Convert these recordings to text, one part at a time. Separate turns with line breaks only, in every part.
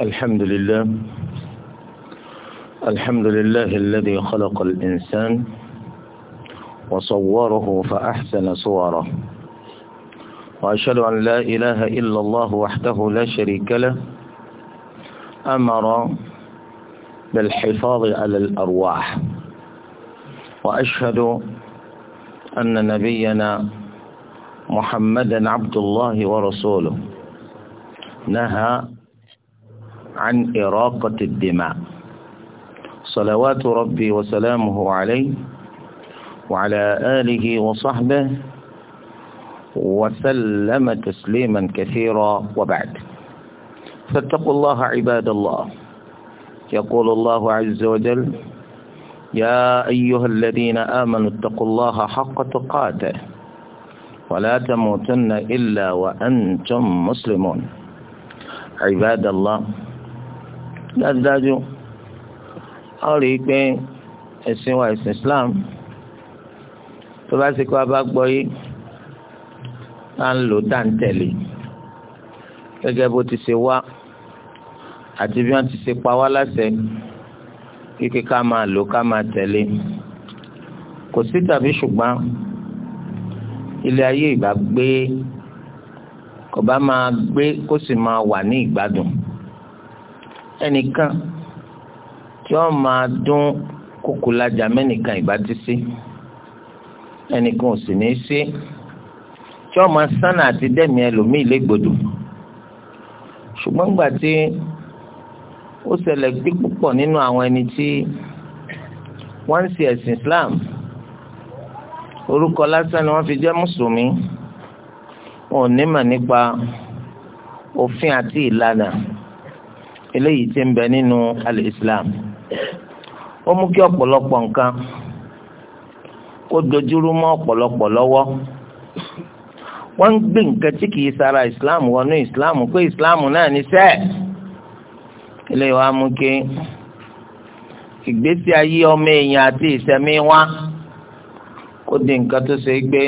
الحمد لله الحمد لله الذي خلق الإنسان وصوره فأحسن صوره وأشهد أن لا إله إلا الله وحده لا شريك له أمر بالحفاظ على الأرواح وأشهد أن نبينا محمدا عبد الله ورسوله نهى عن إراقة الدماء صلوات ربي وسلامه عليه وعلى آله وصحبه وسلم تسليما كثيرا وبعد فاتقوا الله عباد الله يقول الله عز وجل يا أيها الذين آمنوا اتقوا الله حق تقاته ولا تموتن إلا وأنتم مسلمون عباد الله dájúdájú a rí i pé ẹ̀sìn wa ẹ̀sìn Islam tó bá ti kọ́ abá gbọ́ yìí à ń lò dáńtẹ̀lé gẹ́gẹ́ bó ti ṣe wá àti bí wọ́n ti ṣe pa wá láṣẹ kíkẹ́ ká máa lò ká máa tẹ̀lé kò sí tàbí ṣùgbọ́n ilé ayé ìgbà gbé kò bá máa gbé kó sì máa wà ní ìgbádùn ẹnìkan tí wọ́n máa dún kókó lajà mẹ́nìkan ìbá ti sí ẹnìkan ò sì ní í sí tí wọ́n máa sánà àti dẹ́mi ẹlòmíì légbodò ṣùgbọ́n gbà tí ó ṣẹlẹ̀ gbé púpọ̀ nínú àwọn ẹni tí wọ́n ń ṣe ẹ̀sìn Islam orúkọ lásán ni wọ́n fi jẹ́ mùsùlùmí wọn ò ní mà nípa òfin àti ìlànà eléyìí ti ń bẹ nínú al-Islam ó mú kí ọ̀pọ̀lọpọ̀ nǹkan kó dojúrú mọ́ ọ̀pọ̀lọpọ̀ lọ́wọ́ wọ́n ń gbé nǹkan tí kìí sara Islam wọnú Islam pé Islam náà ní sẹ́ẹ̀ eléyìí wá mú kí ìgbésí ayé ọmọ èèyàn àti kó di nǹkan tó ṣe gbé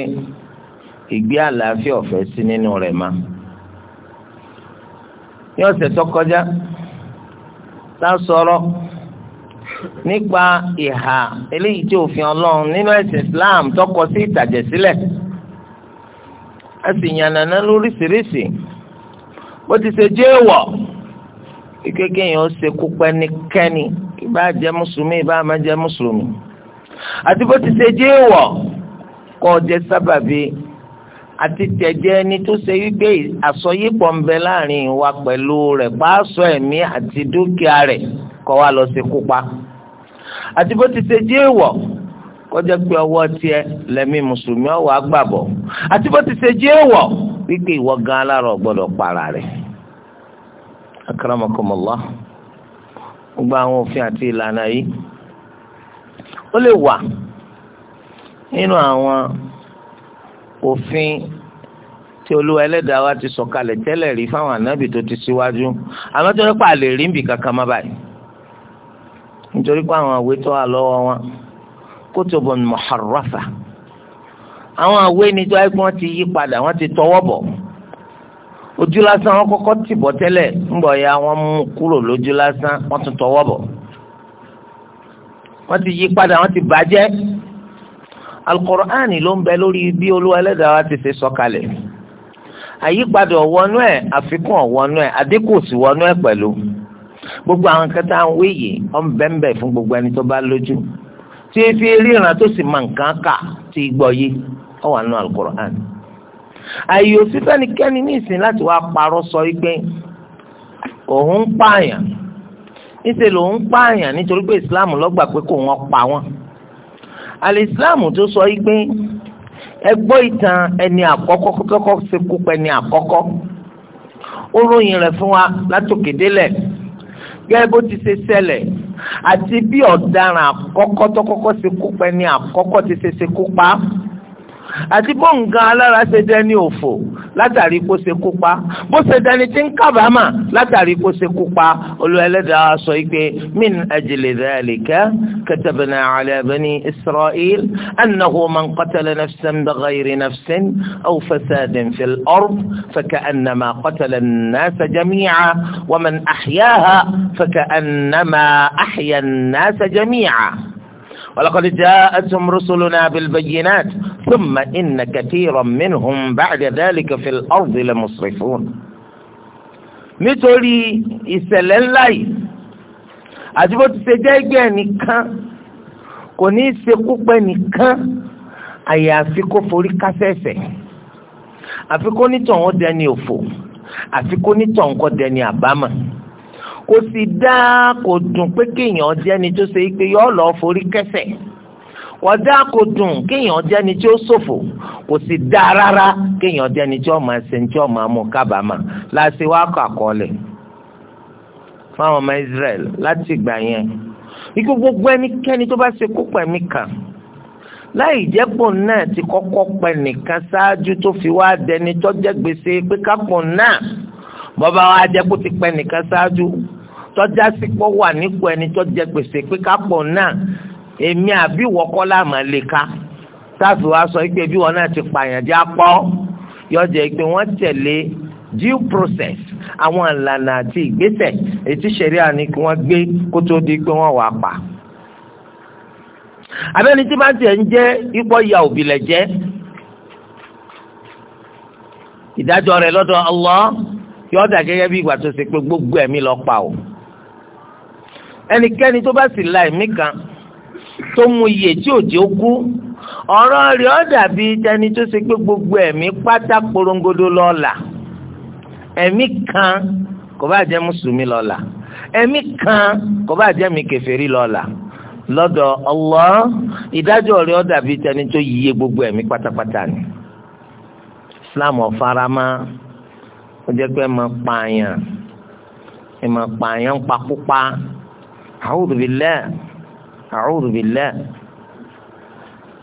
ìgbé àlàáfíà ọ̀fẹ́ sí nínú rẹ̀ ma ní ọ̀sẹ̀ kọjá. la sọ̀rọ̀ nípa ìhà eléyìí tí òfin ọlọ́run nínú ẹ̀sìn Islam tọkọ sí ìtàjẹ̀sílẹ̀ a sì yànnàná lóríṣiríṣi bó ti ṣe jẹ́ èèwọ̀ ìkékè yẹn ó ṣe kúpẹ́ níkẹ́ni ìbá jẹ́ mùsùlùmí ìbá má jẹ́ mùsùlùmí àti bó ti ṣe jẹ́ èèwọ̀ kọ́ jẹ́ sábàbí àti tẹ̀jẹ́ ẹni tó ṣe wípé àsọyípọ̀ ń bẹ láàrin wa pẹ̀lú rẹ̀ pàṣọ ẹ̀mí àti dúkìá rẹ̀ kọ́ wa lọ sí kópa. àti bó ti ṣe jẹ́ èèwọ̀ kọjá pé ọwọ́ tiẹ̀ lẹ́mí mùsùlùmí ọ̀wọ́ àgbàbọ̀ àti bó ti ṣe jẹ́ èèwọ̀ wípé ìwọ gan alárọ̀ gbọ́dọ̀ para rẹ̀. akramakumullah gbogbo àwọn òfin àti ìlànà yìí ó lè wà nínú àwọn òfin tí olúwa ẹlẹ́dàá wa ti sọ̀kalẹ̀ tẹ́lẹ̀ rí fáwọn ànábì tó ti síwájú àmọ́ tó nípa àlè rí nbì kankan má báyìí nítorí pé àwọn àwé tó wà lọ́wọ́ wọn kutubun muharrafa àwọn àwé ni tó ẹgbẹ́ wọn ti yí padà wọ́n ti tọwọ́ bọ̀ ojú lásán wọn kọ́kọ́ tì bọ̀ tẹ́lẹ̀ ńbọ̀ ya wọ́n mú kúrò lójú lásán wọ́n tún tọwọ́ bọ̀ wọ́n ti yí padà wọ́n ti bàjẹ́ alukur'ani ló ń bẹ lórí bí olúwa ẹlẹ́dàá wa ti ṣe sọ̀kalẹ̀ àyípadà ọ̀wọ́nú ẹ̀ àfikún ọ̀wọ́nú ẹ̀ àdínkù sí wọnú ẹ̀ pẹ̀lú gbogbo àwọn kẹta ń wéyè ọ̀n bẹ́ẹ̀nbẹ́ẹ̀ fún gbogbo ẹni tó bá lójú tí efi ríran tó sì máa nǹkan kà ti gbọ́ yé ọ̀wà nù alukur'ani àyè òsínfẹ́nikẹ́ni ní ìsìn láti wá parọ́ sọ wípé òun ń pààyàn níṣẹ́ lòun ń pààyàn nítorí pé ìsìláàmù ló pé kò wọ́n pa wọ́n alìsílámù tó sọ yìí pé ẹ gbọ́ ìtàn ẹni àkọ́kọ́ kọ́kọ́ ṣe kú pẹ́ ẹni àkọ́kọ́ ó ròyìn rẹ̀ fún wa látòkè délẹ̀ gẹ́gẹ́ bó ti ṣe ṣẹlẹ̀ àti bí ọ̀daràn àkọ́kọ́ tó kọ́kọ́ ṣe kú pẹ́ àkọ́kọ́ ti ṣe ṣe kú pa á. àti bó nǹkan alára ṣe dẹni òfò látàrí kó ṣe kópa bó ṣe dẹni tí ń kábàámà látàrí kó ṣe kópa Olúwa Ẹlẹ́dàá sọ pé min ajli dhalika katabna ala israẹ́l isra'il annahu man qatala nafsan bighayri nafsin aw fasadin fil ard fẹ́kẹ́ qatala kọ́tẹ́lẹ̀ nasa jẹ́míà wa man ahyaha fẹ́kẹ́ ahya an-nasa jẹ́míà. ولقد جاءتهم رسلنا بالبينات ثم إن كثيرا منهم بعد ذلك في الأرض لمسرفون nítorí ìṣẹ̀lẹ̀ ńlá yìí àti bó ti ṣe jẹ́ ẹgbẹ́ ẹnìkan kò ní í ṣekú pẹ́ nìkan àyàfi kó forí kásẹ̀sẹ̀ àfi kó nítọ̀ wọn dẹni òfò àfi kó nítọ̀ nǹkan dẹni àbámọ̀ kò sì dáa kò dùn pé kéèyàn jẹ́ni tó ṣe pé yọ́ lọ forí kẹsẹ̀ kò dáa kò dùn kéèyàn jẹ́ni tí ó ṣòfò kò sì dáa rárá kéèyàn jẹ́ni tí ó máa ṣe tí ó máa mú kábàámà láti wá kọ àkọọ́lẹ̀ fáwọn ọmọ Israẹl láti ìgbà yẹn ikú gbogbo ẹnikẹ́ni tó bá ṣe kópa ẹ̀mí kan láì jẹ́pọ̀ náà ti kọ́kọ́ pẹ nìkan ṣáájú tó fi wá dẹni tó jẹ́ gbèsè pé kápọ̀ náà bọ́ba wa jẹ́ kó ti pẹ nìkan ṣáájú tọ́já sí pọ́ wà nípò ẹni tó jẹ gbèsè pé kápọ̀ náà èmi àbí wọ́kọ́ láàmà lè ka táàfì wa sọ pé bí wọn náà ti pààyàn jẹ́ apọ́ yọjẹ́ pé wọ́n tẹ̀lé due process àwọn ìlànà àti ìgbésẹ̀ ètí ṣẹ̀ríà ni kí wọ́n gbé kó tó di pé wọ́n wà pa. abẹ́ni tí bá tiẹ̀ ń jẹ́ ipò ya òbí jẹ́ ìdájọ́ rẹ̀ lọ́dọ̀ Allah yọ̀ọ́dà gẹ́gẹ́ bí ìgbà tó ṣe pé gbogbo ẹ̀mí lọ pa o ẹnikẹ́ni tó bá sì la ẹ̀mí kan tó mu iyè tí òjò ó kú ọ̀rọ̀ rẹ̀ ó dàbí tẹni tó ṣe pé gbogbo ẹ̀mí pátá porongodo lọ́la ẹ̀mí kan kò bá jẹ́ mùsùlùmí lọ́la ẹ̀mí kan kò bá jẹ́ mi kèfèrí lọ́la lọ́dọ̀ Allah ìdájọ́ rẹ̀ ó dàbí tẹni tó yíye gbogbo ẹ̀mí pátápátá ni Islam ọ̀farama ó jẹ́ pé ẹ máa pààyàn ẹ máa pààyàn pakúpa. Pa أعوذ بالله أعوذ بالله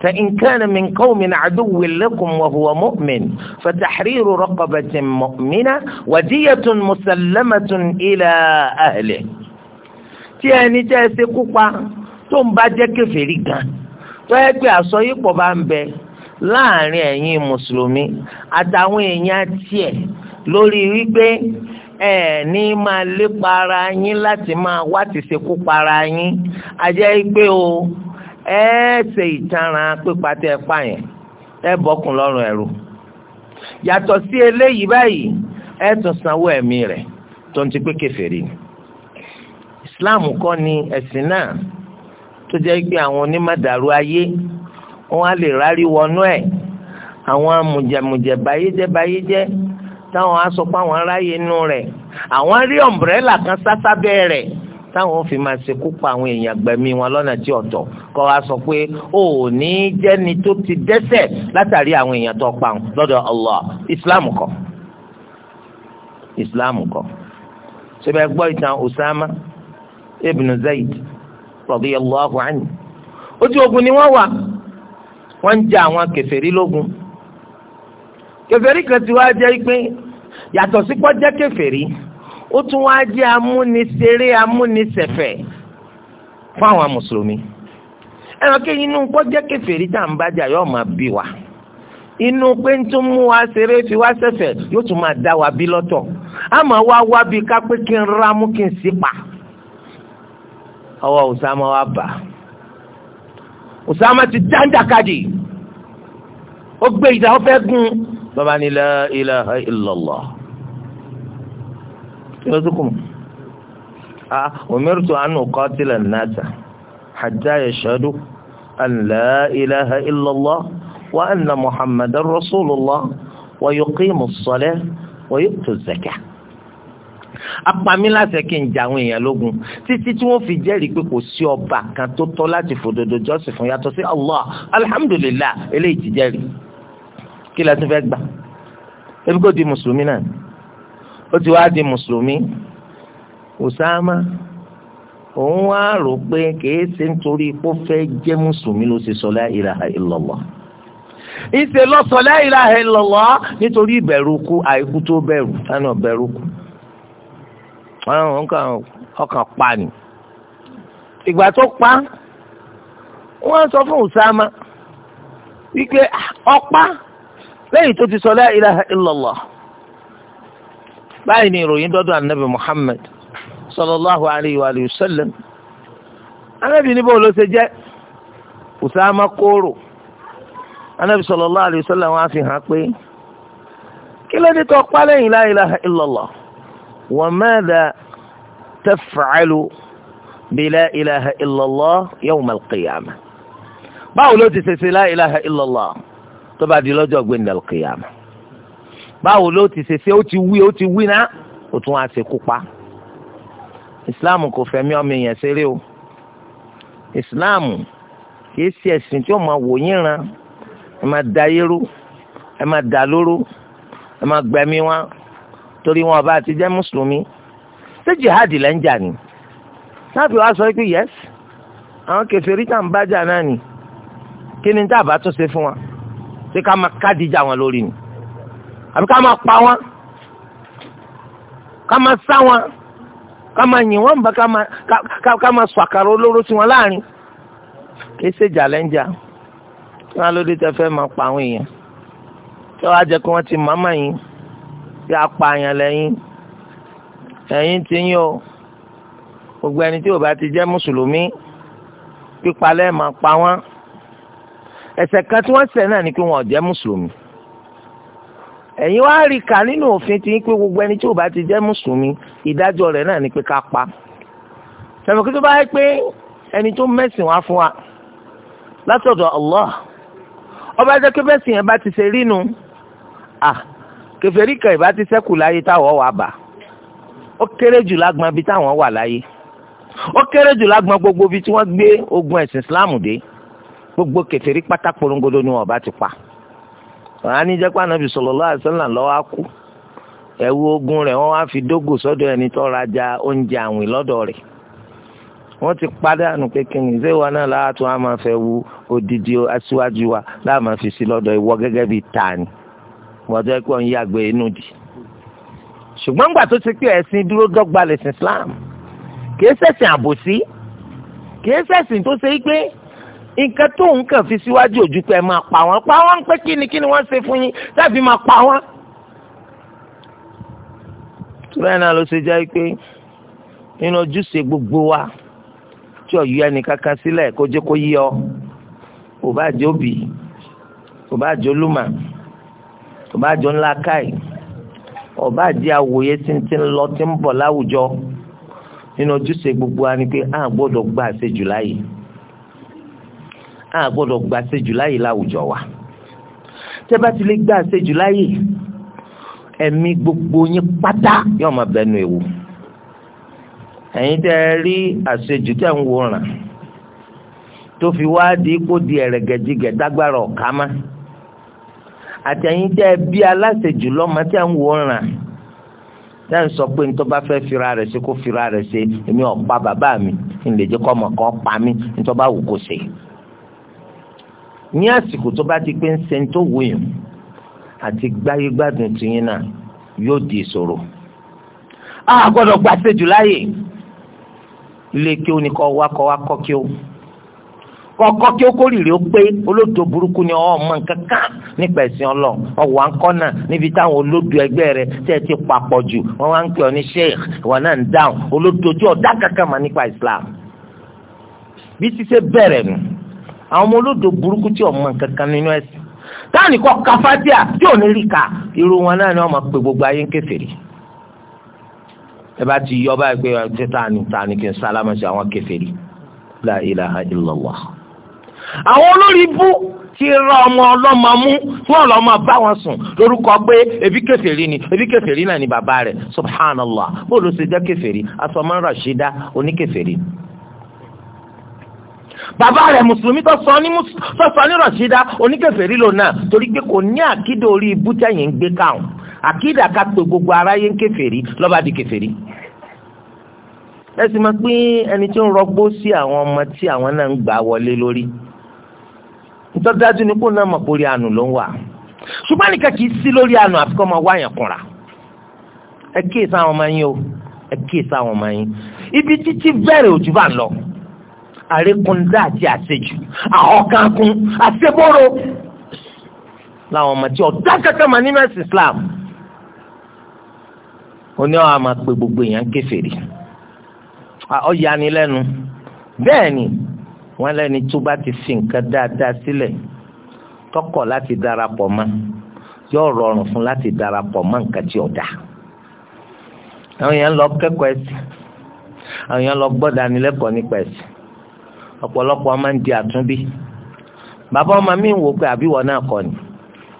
فإن كان من قوم عدو لكم وهو مؤمن فتحرير رقبة مؤمنة ودية مسلمة إلى أهله tí ẹni tẹ́ ẹ tó ń bá jẹ́ kèfèrí gan tó pé àsọyípọ̀ bá ń bẹ láàrin ẹ̀yin mùsùlùmí àtàwọn èèyàn tiẹ̀ lórí wípé ẹ ní máa lépa ara yín láti máa wá ti ṣekú para yín ajẹ́ pé o ẹ ṣe ìtanràn pípa tẹ pa yẹn ẹ bọ́kùn lọ́rùn ẹ̀rù yàtọ̀ sí eléyìí báyìí ẹ tún sanwó ẹ̀mí rẹ̀ tó ń ti pé kèfèrí Islam kọ́ ni ẹ̀sìn náà tó jẹ́ pé àwọn onímọ̀dàrú ayé wọ́n á lè rárí wọnú ẹ̀ àwọn amùjẹmùjẹ báyéjẹ́ báyéjẹ́ táwọn aṣọ pa àwọn aráyé inú rẹ̀ àwọn rí ọ̀mbrẹ́là kan sásábẹ́ rẹ̀ táwọn fi máa ṣekú pa àwọn èèyàn gbẹ̀mí wọn lọ́nà tí ọ̀tọ̀ kọ́ wa sọ pé ò ní jẹ́ni tó ti dẹ́ṣẹ̀ látàrí àwọn èèyàn tó pa wọn lọ́dọ̀ Allah Islam kọ́ Islam kọ́ ṣẹbẹ̀ gbọ́ ìtàn Osama, ibn Zayd radiyallahu anhu ojú ogun ni wọ́n wà wọ́n ń jà àwọn kèfèrí lógun kèfèrí kan ti wá jẹ́ pé yàtọ̀ sí pọ́ jẹ́ kèfèrí ó tún wá jẹ́ amúniṣeré amúniṣẹ̀fẹ̀ fún àwọn mùsùlùmí ẹran kí inú pọ́ jẹ́ kèfèrí tá à ń bájà yóò máa bí wa inú pé ń tún mú wa ṣeré fi wá ṣẹ̀fẹ̀ yóò tún máa dá wa bí lọ́tọ̀ pe wá wá bí ká pé kí n rámú kí n sì pa ọwọ́ Usama wa bà Usama ti dáńdàkadì ó gbé ìdá ó gun. bàbá ni la ilaha illallah kí ló dúkùn a umirtu an uqatila an-nasa hatta yashhadu an la ilaha illallah wa anna muhammadan rasulullah wa yuqimu as-salah wa yu'tu az-zakah apami láṣẹ kí n jà àwọn èèyàn lógun títí tí wọ́n fi jẹ́rìí pé kò sí ọba kan tó tọ́ láti fòdodo jọ́sìn fún yàtọ̀ Allah alhamdulillah eléyìí ti jẹ́rìí kí la tún fẹ́ gbà ebi kò di mùsùlùmí náà ó ti wá di mùsùlùmí Usama òun wá rò pé kìí ṣe nítorí kó fẹ́ jẹ́ mùsùlùmí ló ṣe sọ la ilaha illallah ìṣe lọ sọ la ilaha nítorí ìbẹ̀rù kú àìkú tó bẹ̀rù lánàá bẹ̀rù kú ọkàn pa ni ìgbà tó pa wọ́n sọ fún Usama wípé ah, ọ̀pá. lẹ́yìn tó ti sọ la ilaha illallah báyìí ni ìròyìn dọ́dọ̀ anabi muhammed sallallahu alayhi wa sallam anabi níbo ló ṣe jẹ́ usama kóró anabi sallallahu alayhi wa sallam wá fi hàn pé kí ló dé tó pa lẹ́yìn la ilaha illallah wa madha taf'alu bi la ilaha illallah yawm al-qiyamah báwo ló ti ṣe ṣe la ilaha illallah. tó bá di lọ́jọ́ gbé nílẹ̀ kìyàmù báwo ló ti ṣe ṣe ó ti wí ó ti wí ná ó tún wá ṣe kú pa islam kò fẹ̀mí ọmọ èèyàn ṣeré o islam kìí ṣe ẹ̀sìn tí ó máa wò yín ran ẹ máa da yérú ẹ máa dà lóró ẹ máa gbẹ̀mí wọn torí wọn ọba àti jẹ́ mùsùlùmí ṣé jihadi lẹ́ ń jà ni láti wá sọ pé yẹs àwọn kẹfẹ́ rí tàǹbájà náà ni kí ni tá a bá tún ṣe fún wa pé ká máa kádìjà wọn lórí ni àbí ká máa pa wọn ká máa sá wọn ká máa yìn wọn bá ká máa sọ àkàrà olóró sí wọn láàrin kì í ṣèjà lẹ́njà kí wọn lóde tẹ fẹ́ máa pa àwọn èèyàn tí wọn á jẹ kí wọn ti màmá yín bí apààyàn lẹ́yìn ẹ̀yìn ti yín o gbogbo ẹni tí ò bá ti jẹ́ mùsùlùmí pípa lẹ́ẹ̀ máa pa wọ́n ẹ̀ṣẹ̀ kan tí wọ́n ṣẹ̀ náà ni pé wọn ò jẹ́ mùsùlùmí ẹ̀yin wá rí kà nínú òfin tí pé gbogbo ẹni tí ò bá ti jẹ́ mùsùlùmí ìdájọ́ rẹ̀ náà ni pé ká pa sẹ̀mọ̀kí tó bá yẹ pé ẹni tó mẹ́sìn wá fún wa látọ̀dọ̀ Allah ọba jẹ́ pé mẹ́sìn yẹn bá ti ṣe rí nu ah kẹfẹ́rí kan ìbá ti ṣẹ́kù láyé táwọn wà bá ó kéré jù lágbọn ibi táwọn wà láyé ó kéré jù lágbọn gbogbo ibi tí wọ́n gbé ogun ẹ̀sìn Islam dé gbogbo kèfèrí pátá porongodo ni wọn bá ti pa wọn á ní jẹ́ pé anabi sallallahu alaihi wasallam lọ́wọ́ á kú ẹ̀wù ogun rẹ̀ wọ́n wá fi dógò sọ́dọ̀ ẹni tó rajà oúnjẹ àwìn lọ́dọ̀ rẹ̀ wọ́n ti pàdánù pé kí ni zéwà náà láàtú á máa fẹ́ wu odidi aṣíwájú wa láà máa fi sí lọ́dọ̀ ìwọ gẹ́gẹ́ bíi tani gbọ́dọ̀ ẹ kí wọ́n inú di ṣùgbọ́n gbà tó ti pé ẹ̀sìn dúró dọ́gba lẹ̀sìn Islam kì í ṣẹ̀sìn àbòsí kì í ṣẹ̀sìn tó ṣe é pé nǹkan tó ń kàn fi síwájú ojú pé ẹ máa pa wọn pa wọn pé kí ni kí ni wọ́n ṣe fún yín tàbí máa pa wọn. túrẹ́ náà ló ṣe jẹ́ pé nínú ojúṣe gbogbo wa tí ọ̀yọ́ ẹnì kankan sílẹ̀ kó jẹ́ kó yí ọ kò bá jẹ́ òbí kò bá jẹ́ olúmọ kò bá jẹ́ ńlá káì ọba àjẹ́ àwòye tí lọ tí ń bọ̀ láwùjọ nínú ojúṣe gbogbo wa ni pé a gbọ́dọ̀ gba àṣejù láàyè a gbọ́dọ̀ gba àṣejù láyè láwùjọ wa tẹ́ bá ti lè gba àṣejù láyè ẹ̀mí gbogbo yín pátá yóò máa bẹnu ewu ẹ̀yin tẹ́ rí àṣejù tẹ́ ń wòran tó fi wá di kó di ẹ̀rẹ̀gẹ̀dìgẹ̀ dágbára ọ̀ká má àtẹ̀yin tẹ́ bí aláṣejù lọ́mọ tẹ́ ń wòran tẹ́ ń sọ pé ní tó bá fẹ́ fira rẹ̀ ṣe kó fira rẹ̀ ṣe èmi ọ̀pá bàbá mi ń lè jẹ́ kọ́ ọmọ kan pa mí ní tó bá wù kó ṣe ní àsìkò tó bá ti pé ń ṣe tó wuyàn àti gbáyé gbádùn tìyín náà yóò di ìṣòro. a gbọ́dọ̀ gba ṣèjù láàyè ilé kí ó ní kọ́ wá kọ́ wá kọ́ kí ó kọ́kọ́ kí ó kórìírí ó pé olódò burúkú ni ọ̀ mọ̀ nǹkan kan nípa ẹ̀sìn ọlọ́ ọ̀wà ńkọ́ náà níbi táwọn olódò ẹgbẹ́ rẹ tẹ́ ẹ ti papọ̀ jù wọ́n wá ń pè ọ́ ní sheikh wọn náà ń dáhùn olódò ojú ọ̀dá kankan mà nípa Islam bí ti ṣe bẹ̀rẹ̀ nù àwọn ọmọ olódò burúkú tí ọmọ kankan nínú ẹ̀sìn táàní kọ kafatia tí ò ní rí ka irú wọn náà ni wọn máa pe gbogbo ayé ń kèfèrí ẹ bá ti yọ báyìí pé ọtí táàní táàní kì í sálámà sí àwọn kèfèrí la ilaha illallah àwọn olórí bú tí ra ọmọ ọlọ́mọ mú tí wọ́n bá wọn sùn lórúkọ pé ebi kèfèrí ni ebi kèfèrí náà ni bàbá rẹ̀ subhanallah bó ló ṣe jẹ́ kèfèrí asọ́mọ́ rashida oníkèfèrí bàbá rẹ̀ mùsùlùmí tó sọ ní tó sọ ní rọ̀ṣídá oníkèfèrí lò náà torí pé kò ní àkídà orí ibú tẹ̀yìn ń gbé káwọn àkídà ká pé gbogbo aráyé ń kèfèrí lọ́ba di kèfèrí. ẹ sì máa pín ẹni tí ń rọgbó sí àwọn ọmọ tí àwọn náà ń gbà wọlé lórí ntọ́jú ni kó náà mọ̀ pé orí àánú ló ń wà ṣùgbọ́n nìkan kì í sí lórí àánú àfikọ́ ọmọ wáyàn kùnra ẹ kíyèsí àwọn ọmọ yín o ẹ kíyèsí àwọn ọmọ yín ibi títí bẹ̀rẹ̀ òjú lọ àríkúndá àti àṣejù àhọkankun àṣeboro làwọn ọmọ tí ọ̀dá kankan mà nínú ẹ̀sìn Islam oní ọ̀ àmà pé gbogbo èèyàn kèfèrí ọ̀yanilẹ́nu bẹ́ẹ̀ ni wọ́n lẹ́ni tó bá ti fi nǹkan dáadáa sílẹ̀ tọkọ̀ láti darapọ̀ mọ́ yóò rọrùn fún láti darapọ̀ mọ́ nǹkan tí ọ̀dà àwọn èèyàn lọ kẹ́kọ̀ọ́ ẹ̀sìn àwọn èèyàn lọ gbọ́dọ̀ ànilẹ́kọ̀ọ́ nípa ẹ̀sìn ọ̀pọ̀lọpọ̀ máa ń di àtúnbí bàbá ọmọ mi ń wò pé àbí wọn náà kọ́ ni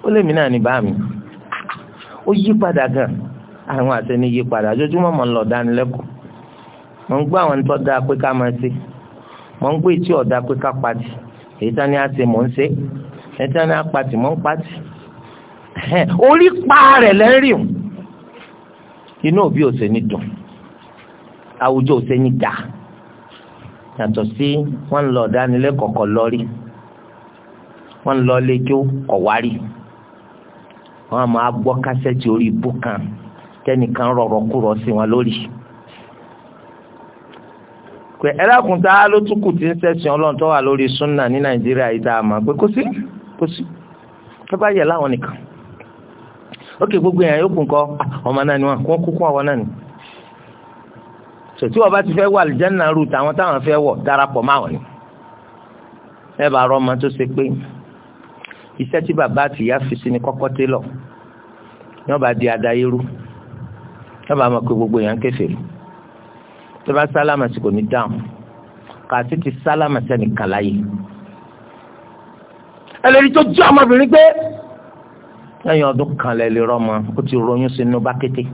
ó lèmi náà ní bá mi ó yí padà gan àwọn àtẹni yí padà ojoojúmọ́ mọ̀ ń lọ dánilẹ́kọ̀ọ́ mọ̀ ń gbọ́ àwọn tó dáa pé ká máa ṣe mọ̀ ń gbé tí ọ̀dà pé ká pati èyí tán ni a ṣe mọ̀ ń ṣe èyí tán ni a pati mọ̀ ń pati orí pa rẹ̀ lẹ́rìí inú òbí ò ṣe ní dùn àwùjọ ò ṣe ní dáa yàtọ̀ sí wọ́n ń lọ ọ̀dánilẹ́kọ̀ọ́ kọ̀ lọ́rí wọ́n ń lọ lẹ́jọ́ kọ̀wárí wọ́n á máa gbọ́ kásẹ̀tì orí ibú kan tẹ́nìkan rọ̀rọ̀ kúrọ̀ sí wọn lórí. pé ẹlẹ́kùn tá a ló tún kù tí ń sẹ̀sìn ọlọ́run tó wà lórí súnà ní nàìjíríà yìí tá a mọ̀ pé kó sí kó sí tó bá yẹ láwọn nìkan. ó gbogbo èèyàn yókù nǹkan ah, ọmọ náà ni wọn kó kúkú àwọn náà ni sòtí ọba ti fẹ́ wà àlùjáná rú tàwọn táwọn fẹ́ wọ̀ darapọ̀ máwọn ni ẹ bá rọ ọmọ tó ṣe pé iṣẹ́ tí bàbá àti ìyá fi sí ni kọ́kọ́ télọ̀ ní ọba di adayérú ní ọba máa pe gbogbo èèyàn kẹfẹ́ tó bá sálámà sí kò ní dáhùn kàtí ti sálámà sẹ́ni kàláyé ẹlẹ́rìí tó jẹ́ ọmọbìnrin gbé lẹ́yìn ọdún kan lẹ́lẹ́rọ́ ọmọ ó ti ronú sínú bákété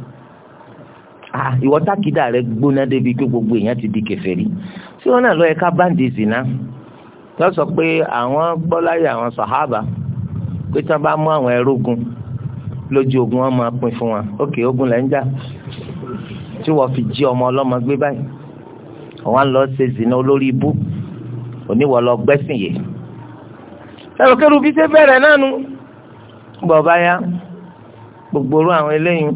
ìwọ tákìdá rẹ gbóná débi pé gbogbo èèyàn ti di kèfèrí tí wọn náà lọ ẹka báńdì zina tó sọ pé àwọn gbọ́láyà àwọn sàhábà pé tí wọn bá mú àwọn ẹrógun lójú ogun wọn máa pín fún wọn ókè ogun lẹ́ ń jà tí wọ́n fi jí ọmọ ọlọ́mọ gbé báyìí wọ́n lọ ṣe zina olórí ibú oníwọ̀ lọ gbẹ́sìn yìí ẹ̀rọ bí ṣe bẹ̀rẹ̀ náà nu bọ̀ báyà àwọn eléyìí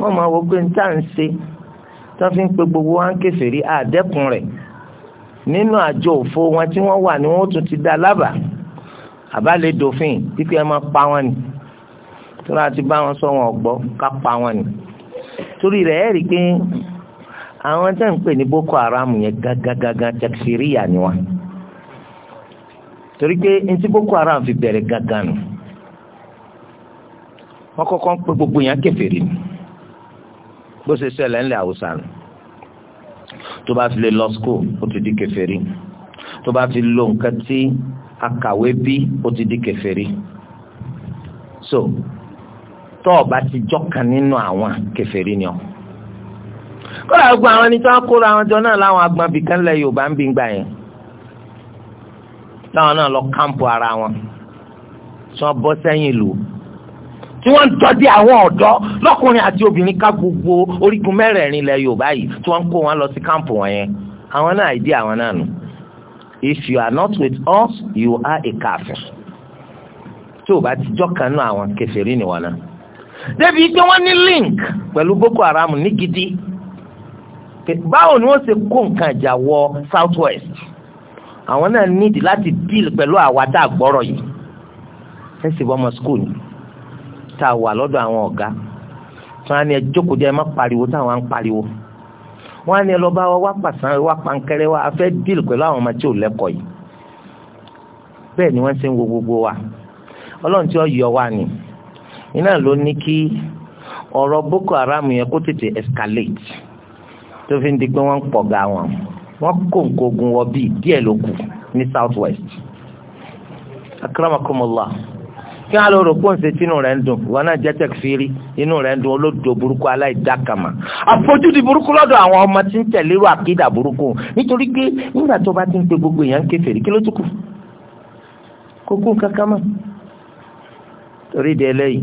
wọ́n máa wọ pé níta ń ṣe tó fi ń pe gbogbo wa ń kèfèrí àdẹ́kùn rẹ̀ nínú àjọ òfo wọn tí wọ́n wà ní wọ́n tún ti dá lábà àbálẹ̀ dòfin pípẹ́ máa pa wọn ni tí wọ́n ti bá wọn sọ wọn ọ̀gbọ́ ká pa wọn ni torí rẹ̀ ẹ́ rí i pé àwọn tẹ́ ń pè ní Boko Haram yẹn gágágágá tẹkisiriya ni wọn torí pé ntí Boko Haram fi bẹ̀rẹ̀ gágá nù wọ́n kọ́kọ́ ń pè gbogbo yẹn kèfèrí ni bó ṣe ṣẹlẹ̀ ńlẹ̀ haúsá nù tó bá fi lè lọ skul ó ti di kèfèrí tó bá fi lo nǹkan tí akàwé bí ó ti di kèfèrí so tó o bá ti jọ́kan nínú àwọn kèfèrí ni ọ kọ́lá gbogbo àwọn ẹni tó ń kóra àwọn jọ náà láwọn agbọ̀nbí kan lẹ Yorùbá ń bí gbà yẹn táwọn náà lọ kámpù ara wọn tí wọ́n bọ́ sẹ́yìn ìlú tí wọ́n ń dọ́dẹ àwọn ọ̀dọ́ lọ́kùnrin àti obìnrin ká gbogbo orígun mẹ́rẹ̀ẹ̀rin ilẹ̀ Yorùbá yìí tí wọ́n ń kó wọn lọ sí káàmpù wọn yẹn àwọn náà ìdí àwọn náà nù if you are not with us you are a kafir tí o bá ti jọ́kan náà àwọn kèfèrí ni wọn náà débi pé wọ́n ní link pẹ̀lú Boko Haram ní gidi báwo ni wọ́n ṣe kó nǹkan ìjà wọ South West àwọn náà nídìí láti deal pẹ̀lú àwa tá a gbọ́rọ̀ yìí ẹ sì bọ́ ọmọ ni tá a wà lọ́dọ̀ àwọn ọ̀gá wọn á ní ẹjókòó jẹ́ ẹ má pariwo táwọn á ń pariwo wọn á ní ẹ lọ bá wa wá pàṣán wá pankẹrẹ wa a fẹ́ díìlì pẹ̀lú àwọn ọmọ tí ò lẹ́kọ̀ọ́ yìí bẹ́ẹ̀ ni wọ́n ṣe ń wo gbogbo wa ọlọ́run tí ó yọ wa ni iná ló ní kí ọ̀rọ̀ Boko Haram yẹn kó tètè escalate tó fi ń di pé wọ́n ń pọ̀ ga wọn wọ́n kó nǹkan ogun wọ bíi díẹ̀ ló kù ní south west akramakomola kí wọn lọ rò pé òǹṣe tí inú rẹ̀ ń dùn wọn náà jẹ́ tẹ̀síìrì inú rẹ̀ ń dùn olódò burúkú aláìdákàmà àfojúdi burúkú lọ́dọ̀ àwọn ọmọ tí ń tẹ̀lé irú àkídà burúkú nítorí pé nígbà tó bá ti ń pe gbogbo èèyàn kèfèrí kí ló tún kù kókó kankan mọ́ torí de eléyìí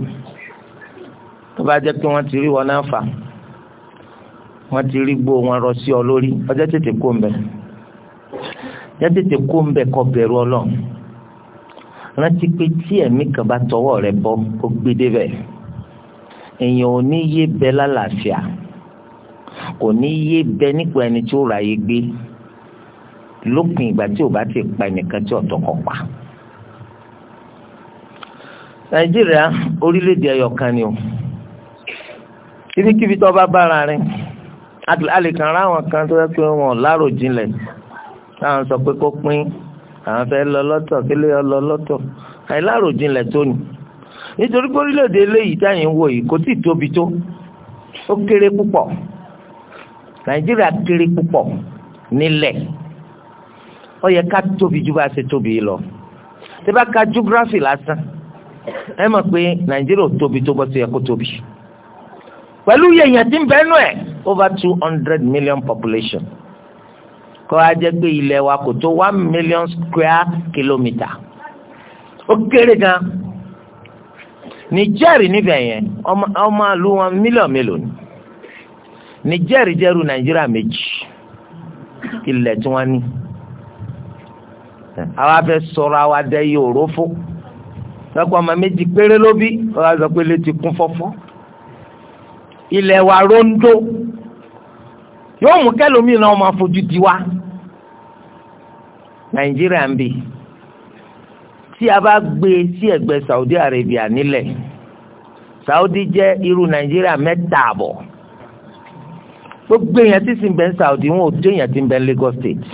tó bá jẹ́ pé wọ́n ti rí wọn náà fà wọ́n ti rí gbó wọn rọ sí ọ lórí ọjọ́ tètè kó ń bẹ̀ ọjọ́ tètè kó ń bẹ̀ kọ bẹ̀rù ọlọ́run rántí pé tí ẹ̀mí kan bá tọwọ́ rẹ bọ́ ó gbé débẹ̀ èèyàn ò ní yé bẹ lálàáfíà kò ní yé bẹ nípò ẹni tí ó ra yé gbé lópin ìgbà tí ò bá ti pa ẹnìkan tí ọ̀tọ̀ kan pa. nàìjíríà orílẹ̀-èdè ẹyọkan ni o kíbíkíbi tó bá bára rẹ a lè kàn kan tó yẹ kí wọn lárò jinlẹ̀ táwọn sọ pé kó pín àwọn fẹ́ lọ lọ́tọ̀ kílé ọlọ lọ́tọ̀ àìláròjinlẹ̀ tó ni nítorí pé èdè eléyìí táyìn ń wò yìí kò tí ì tóbi tó ó kéré púpọ̀ nàìjíríà kéré púpọ̀ nílẹ̀ ó yẹ ká tóbi ju bá a ṣe tóbi lọ tí bá ka geography lásán ẹ mọ̀ pé nàìjíríà ò tóbi tó bọ́ sí ẹ kó tóbi pẹ̀lú yẹ̀yẹ̀ tí ń bẹ́ẹ̀ nù ẹ̀ over two hundred million population kọ́ á pé ilẹ̀ wa kò tó one million square kilometer. ó kéré gan nìjẹ́rì níbẹ̀ yẹn ọmọ àlú wọn mílíọ̀n mélòó ni nìjẹ́rì jẹ́rù nàìjíríà méjì ilẹ̀ tí wọ́n ní àwa fẹ́ sọ̀rọ̀ àwa dẹ yòòrò fún lọ́pọ̀ ọmọ méjì péré ló bí wọ́n á sọ pé létí kún fọ́fọ́ ilẹ̀ wa rondo yóò mú kẹlòmíì náà máa di wa nàìjíríà ń bì tí a bá gbé sí ẹ̀gbẹ́ Saudi Arabia nílẹ̀ Saudi jẹ́ irú nàìjíríà mẹ́ta àbọ̀ gbogbo èèyàn tí sì ń Saudi wọn ò tó èèyàn tí ń bẹ Lagos State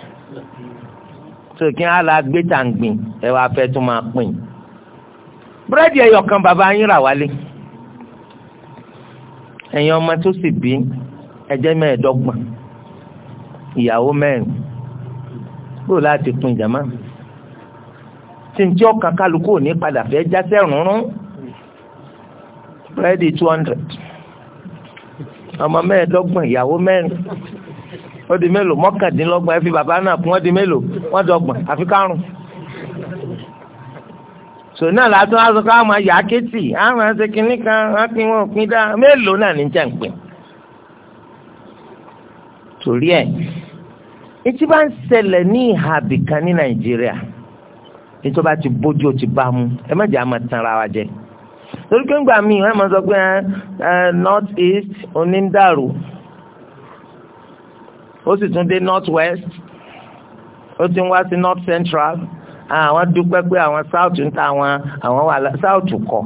So kí á la gbé tàǹgbìn ẹ wàá fẹ́ tún máa pín búrẹ́dì ẹ̀yọ̀ kan bàbá yín rà wálé ẹ̀yin ọmọ tó sì bí ẹjẹ́ mẹ́ẹ̀ẹ́dọ́gbọ̀n ìyàwó mẹ́rin kúrò láti pin jàmá tí n jẹ́ ọ̀kan kálukú ò ní padà fẹ́ jásẹ́ rúnrún búrẹ́dì two hundred ọmọ mẹ́ẹ̀ẹ́dọ́gbọ̀n ìyàwó mẹ́rin ó di mélòó mọ́kàndínlọ́gbọ̀n ẹ fi bàbá náà kún ó di mélòó wọ́n dọ́gbọ̀n àfi kárùn. sò náà látọ́ aṣọ ká máa yà á kétì á máa ṣe kinní kan á pin wọn òpin dá mélòó náà ní jẹ́ ń pin. torí ẹ̀ etí bá ń ṣẹlẹ̀ ní ìhà àbìkan ní nàìjíríà ètò bá ti bójú ó ti bá mu ẹ má jẹ́ àmọ́ tanra wa jẹ torí pé ńgbà míì wọ́n máa sọ pé north east onídàrú ó sì tún dé north west ó ti ń wá sí north central àwọn dúpẹ́ pé àwọn south ń ta àwọn àwọn wà south kọ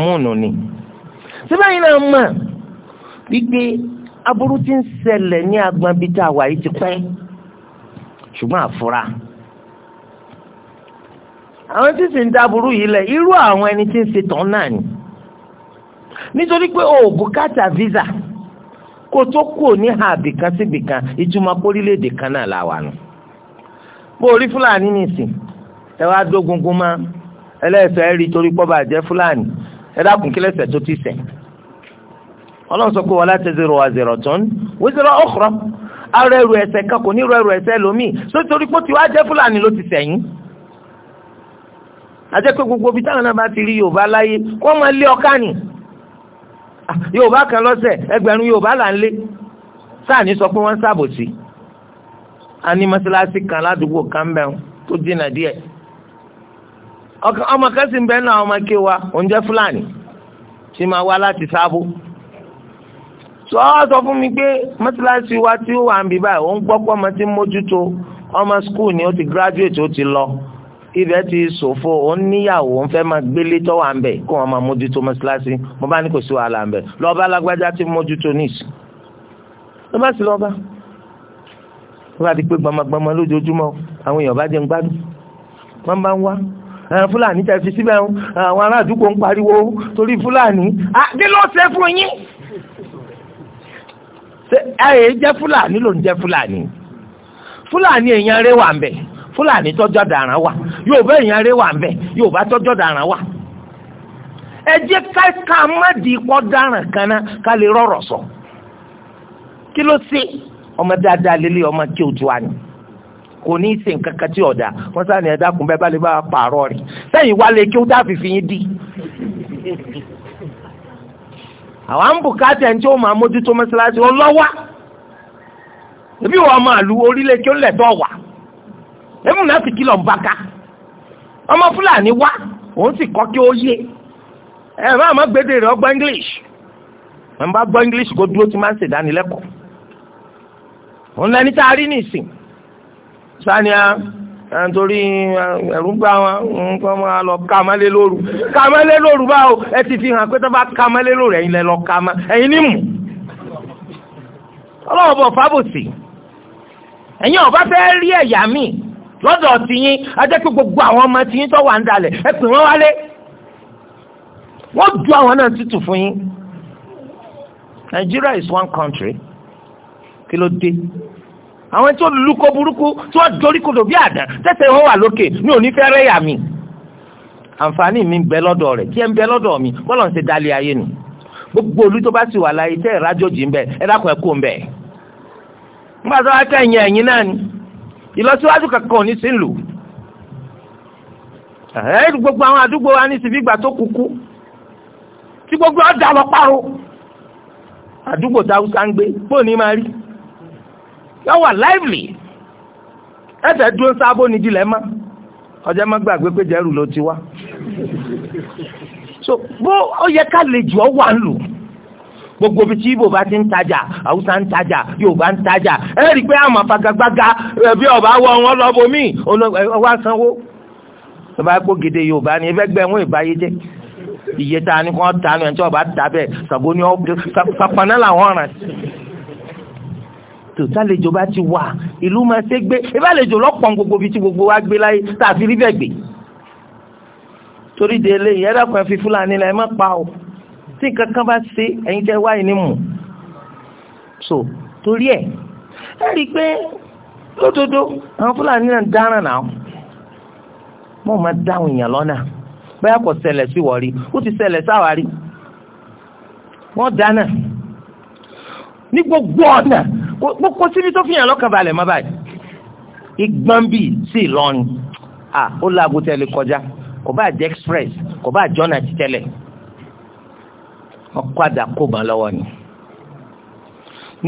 múùnù ni síbẹ̀ yìí náà mọ̀ wípé aburú ti ń ṣẹlẹ̀ ní agbọn bíi tá ti pẹ́ ṣùgbọ́n àfura àwọn tí sì ń dáburú yìí lẹ̀ irú àwọn ẹni tí ń ṣe tán náà ni nítorí pé o ò visa kó tó kù ní àbìkan síbìkan ìtumọ̀ pórílẹ̀-èdè kan náà la wà nù bó o rí fúlàní nìsín ẹ wá dógungun mọ́ ẹlẹ́sẹ̀ rí torí pọ́ bàjẹ́ fúlàní ẹ dákun tó ti se. ọlọ́run sọ pé wala taziru waziratun wizra ukhra ara ẹrù ẹ̀ṣẹ̀ kan kò ní rọ ẹrù ẹ̀ṣẹ̀ lómi sótórí pé tiwa jẹ́ fúlàní ló ti sẹ̀yìn àjẹ́ pé gbogbo ibi táwọn náà bá ti rí yorùbá láyé kó máa lé ọká nì ah, yorùbá kan lọ́sẹ̀ ẹgbẹ̀rún yorùbá là ń lé sáà ní sọ pé wọ́n ń ṣàbòsí a ní mọ́ṣáláṣí kan ládùúgbò kan bẹ́ẹ̀ tó dínà díẹ̀ ọmọ kan sì ń bẹ́ẹ̀ náà ọmọ kéwa òun jẹ́ fúlàní tí máa wá láti sábó tó ọ sọ fún mi pé mọ́tíláṣí wa tí ó wà ń bí báyìí òun gbọ́ ọmọ tí ń mójútó ọmọ skul ni ó ti graduate ó ti lọ ibẹ̀ ti ṣòfò òun níyàwó òun fẹ́ máa gbélé tó wà ń bẹ̀ kó wọn máa mójútó mọ́tíláṣí mo bá ní kò sí wàhálà ń bẹ̀ lọ́ba alágbájá ti mójútó níìsì ló bá sì lọ́ba wọ́n bá ti pé gbọmọgbọmọ lójoojúmọ́ àwọn èèyàn bá jẹun gbádùn wọ́n bá ń wá fúlàní tẹ̀ síbẹ̀ àwọn ará àdúgbò ń pariwo torí fúlàní. àdé ló ṣe fún yín ẹ̀yẹ jẹ́ fúlàní ló ń jẹ́ fúlàní fúlàní rẹ̀ wà ń bẹ̀ fúlàní tọ́jọ́ dàrán wà yorùbá rẹ̀ wà ń bẹ̀ yorùbá tọ́jọ́ dàrán wà ẹ jẹ́ ká má di ipò dáràn kan náà ká lè sọ kí ló ọmọ dáadáa lélẹ̀ ọmọ kí ni kò ní í ṣe nǹkan wọ́n sá ni ẹ̀dá kún bẹ́ẹ̀ bá lè bá pààrọ̀ rẹ̀ sẹ́yìn wálé kí ó fi yín dì àwa ń bùkátà ẹni tí ó máa mójútó mọ́ṣáláṣí ọlọ́wà ebi wọ́n máa lu orílẹ̀ kí ó lẹ̀ tọ́ wà ebi náà ti kìlọ̀ ń ọmọ fúlàní wá òun sì kọ́ kí ó yé ẹ máa má gbédè rẹ ọgbọ́n english ẹ̀ ń bá gbọ́ english kó dúró tí máa ń ṣèdánilẹ́kọ̀ọ́ òun lẹni tá a rí nìsín sani a. Ah, nítorí ẹ̀rú bá wọn nǹkan máa lọ ká má lé lóru ká má ẹ ti fi hàn pé tó bá ká lóru ẹ̀yin lẹ lọ ká ní mù ọlọ́wọ́ bọ̀ fábòsì ẹ̀yin fẹ́ rí ẹ̀yà míì lọ́dọ̀ tìyín ajẹ́ pé gbogbo àwọn ọmọ tìyín tó wà ń dalẹ̀ ẹ pè wọ́n wálé wọ́n ju àwọn náà tútù fún yín Nigeria is one country kí ló dé àwọn tí ó lulú kó burúkú tí wọ́n dorí kodò bí àdán tẹ́sẹ̀ wọn wà lókè mi ò ní fẹ́ rẹ́yà mi àǹfààní mi ń bẹ lọ́dọ̀ rẹ̀ kí ẹ ń bẹ lọ́dọ̀ mi bọ́lọ̀ ń ṣe dalẹ̀ ayé nu gbogbo olú tó bá sì wà láyé tẹ́ ìrájòjì ń bẹ ẹ dákun ẹ kó ń bẹ. nígbà tó wá kẹ́yìn ẹ̀yìn náà ni ìlọsíwájú kankan ò ní sí lù ẹ gbogbo àwọn àdúgbò wa ní síbi ìgbà tó kúkú tí gbogbo ọ̀dà lọ pàrọ̀ àdúgbò táwùsá ń gbé bóun máa rí yọ wà lively ẹsẹ̀ dúró sábó ní ìdílé mọ́ ọjọ́ mọ́ gbàgbé pé jẹ́rù ló ti wá so bó ó yẹ ká lè jù ọ́ wà ń lù gbogbo bí tí ibo bá ti ń tajà haúsá ń tajà yorùbá ń tajà ẹ rí i pé àwọn afagagbága ẹbí ọba wọ wọn lọ́bọ míì ọwọ́ sanwó ọba kó gèdè yorùbá ni ẹgbẹ́ gbẹ wọn ìbáyé jẹ iye ta ni kò ta ni ẹ̀ ń tí ọba ta bẹ́ẹ̀ sàgbóni ọ sàpàná làwọn ràn sí tó tálejò bá ti wà ìlú máa ṣe gbé ìbálejò lọ́pọ̀n gbogbo bíi ti gbogbo wa gbé láyé tá a fi rí bẹ́ẹ̀ gbé torí de eléyìí ẹ̀dá fi fúlàní la ẹ má pa o tí nǹkan kan bá ṣe ẹ̀yin tẹ́ wáyé ní mù so torí ẹ̀ ẹ rí i pé lódodo àwọn fúlàní náà dáràn náà wọ́n máa dáhùn èèyàn lọ́nà bẹ́ẹ̀ kò ṣẹlẹ̀ sí wọ́n rí ó ti ṣẹlẹ̀ sáwárí wọ́n dáná ní gbogbo ọ̀nà kó síbi tó fi hàn lọ́kàn balẹ̀ má báyìí igbọ́n bíi sí Ìlọrin à ó láago tẹ́lẹ̀ kọjá kò bá jẹ́ express kò bá jọ́nà ti tẹ́lẹ̀ ọkọ̀ àdá lọ́wọ́ ni.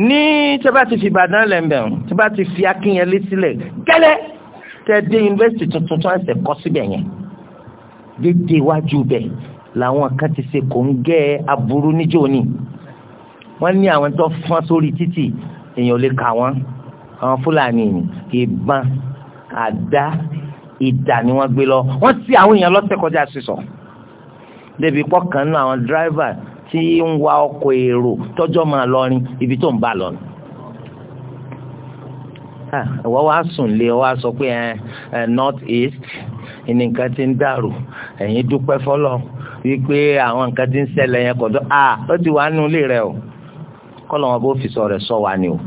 ní tí a bá ti fi Ìbàdàn lẹ́mbẹ̀ tí a bá ti fi Akínyẹlé sílẹ̀ gẹ́lẹ́ tẹ́ dé yunifásitì tuntun tó ń ṣe kọ́ síbẹ̀ yẹn dédé iwájú bẹ̀ làwọn kan ti ṣe kò ń gẹ́ aburú níjó ni wọ́n ní àwọn tó fọ́n sórí títì èèyàn ò lè kà wọ́n àwọn fúlàní ìbọn àdá ìdà ni wọ́n gbé lọ wọ́n ti àwọn èèyàn lọ́tẹ̀ kọjá sísọ débi pọ́kàn náà àwọn dírẹ́fà tí ń wa ọkọ̀ èrò tọ́jọ́ máa lọrin ibi tó ń bá lọ ẹ̀wọ́ wa sùn lé ọ wa sọ pé north east nǹkan ti ń dàrú ẹ̀yin dúpẹ́ fọlọ́ wípé àwọn nǹkan ti ń ṣẹlẹ̀ yẹn kọ̀dọ̀ à ó ti wà nínú ilé rẹ o. kọ́lọ̀ wọn bó fi sọ sọ wa ni o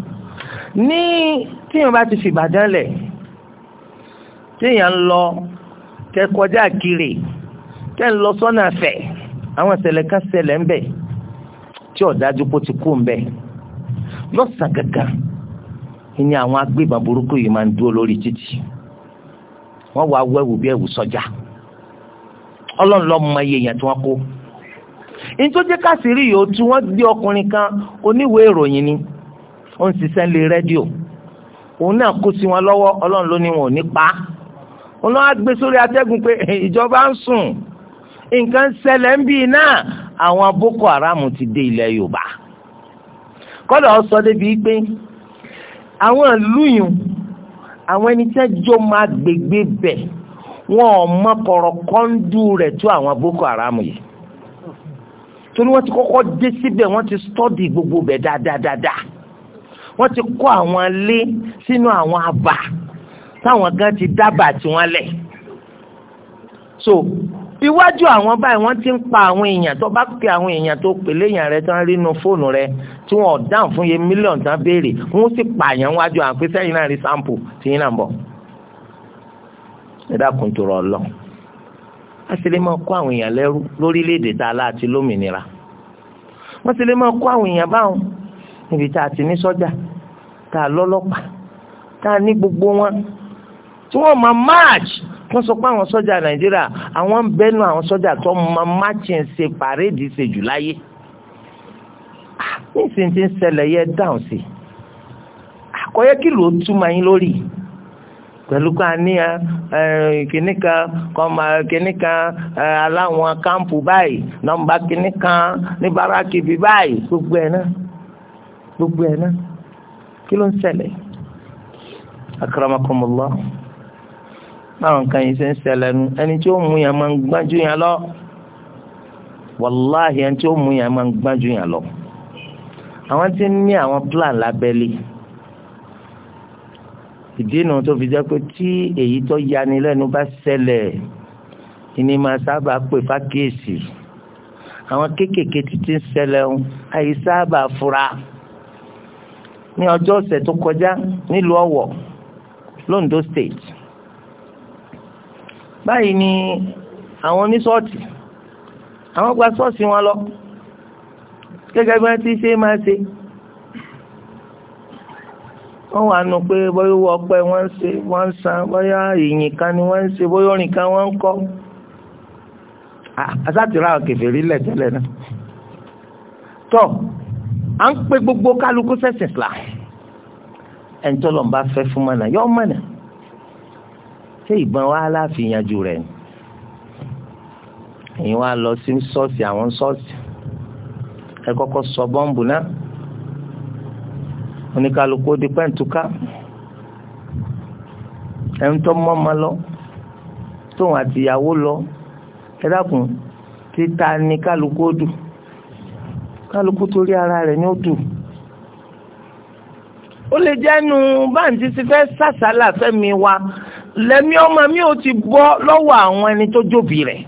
ní tíyàn bá ti fi Ìbàdàn lẹ̀ tíyàn lọ kẹkọjá kiri tẹ ń lọ sọ́nà fẹ̀ àwọn ìṣẹ̀lẹ̀ kan tí ọ̀dájú kó ti kú ń bẹ lọ́sàn àwọn agbébọn burúkú yìí máa ń dúró lórí títì wọ́n wá wẹ́wù bí ẹ̀wù ọlọ́run mọ iye yẹn tí wọ́n kó. in tó jẹ́ káṣírí yòó tú wọ́n gbé ọkùnrin kan oníwèé ìròyìn ni ó ń ṣiṣẹ́ lé rédíò òun náà kó sí wọn lọ́wọ́ ọlọ́run ló ní wọn ò ní pa á òun náà gbé sórí atẹ́gùn pé eh, ìjọba ń sùn nǹkan ń ṣẹlẹ̀ ń bí iná àwọn boko haram ti dé ilẹ̀ yorùbá kọ́dà ó sọ débi pé àwọn lùyùn àwọn ẹni tí wọ́n jọ máa gbègbè bẹ̀ wọ́n ò mọ rẹ̀ tó àwọn boko haram yìí torí wọ́n ti kọ́kọ́ dé síbẹ̀ wọ́n ti stọ́dì gbogbo bẹ̀ dáadáa wọ́n ti kọ́ àwọn ilé sínú àwọn abà táwọn gan ti dábàá tiwọn lẹ̀ so iwájú àwọn báyìí wọ́n ti ń pa àwọn èèyàn tó bá pe àwọn èèyàn tó pèlè èèyàn rẹ tó ń rí inú fóònù rẹ tí wọn ò dáhùn fún iye mílíọ̀nù tán béèrè wọ́n sì pààyàn wájú àwọn pé sẹ́yìn náà rí sáǹpù tí yín náà ń bọ̀ ẹ dákun tó rọ ọ lọ a sì lè máa kó àwọn èèyàn lẹ́rú lórílẹ̀‐èdè tá a láti lómìnira wọ́n sì lè máa kó àwọn èèyàn báwọn níbi tá a ti ní sọ́jà tá a lọ́lọ́pàá tá a ní gbogbo wọn tí wọ́n máa march wọ́n sọ pé àwọn sọ́jà nàìjíríà àwọn ń bẹ́nu àwọn sọ́jà tó máa march ń ṣe pàréèdì ṣe jù láyé ah, nísìnyí ti ń ṣẹlẹ̀ yẹ dáhùn sí àkọ́yẹ́ ah, kí ló túmọ̀ yín lórí yìí pẹ̀lú ká ní kìnnìkan kọ́mà kìnnìkan aláwọn kámpù báyìí nọ́mbà kìnnìkan ní báràkì bí báyìí gbogbo ẹ̀ náà gbogbo ẹ̀ náà kí ló ń ṣẹlẹ̀ akramakumullah báwọn kan yìí ṣe ń ṣẹlẹ̀ nu ẹni tí ó mú yẹn máa ń gbájú yẹn lọ wàláhì ẹni tí ó mú yẹn máa ń gbájú yẹn lọ àwọn tí ń ní àwọn plan lábẹ́lé ìdí nu tó fi jẹ́ pé tí èyí tó yani lẹ́nu bá ṣẹlẹ̀ ìní máa sábà pè fákèsì àwọn kéékèèké títí ń ṣẹlẹ̀ ń àyè sábà fura ní ọjọ́ ọ̀sẹ̀ tó kọjá nílùú Ọ̀wọ̀ londo state báyìí ni àwọn oníṣọ́ọ̀tì àwọn gba ṣọ́ọ̀ṣì wọn lọ gẹ́gẹ́ bí wọ́n ti ṣe máa ṣe wọ́n wà nù pé bóyá owó ọpẹ́ wọ́n ń ṣe wọ́n ń san bóyá ìyìn kan ni wọ́n ń ṣe bóyá orin kan wọ́n ń kọ́ asátìrá kẹfẹ́ rí tẹ́lẹ̀ náà tọ́ à ń pe gbogbo kálukú sẹ́sìn fìlà ẹ̀ńtọ́lọ̀ ń bá fẹ́ fún mọ́nà yọ mọ́nà ṣé ìbọn wa láàfin rẹ̀ ni ẹ̀yin wa lọ sí ṣọ́ọ̀ṣì àwọn ṣọ́ọ̀ṣì ẹ kọ́kọ́ sọ bọ́ǹbù náà oníkálukú di pẹ́ǹtùká ẹ̀ ń tọ́ mọ́mọ́ lọ tóun àtìyàwó lọ ẹ dákun títa ni kálukú ó dù kálukú torí ara rẹ̀ ni ó dù ó lè jẹ́nu báńtí ti fẹ́ sàṣálà fẹ́mi wa lẹ́mí ọmọ mi ò ti bọ́ lọ́wọ́ àwọn ẹni tó jòbí rẹ̀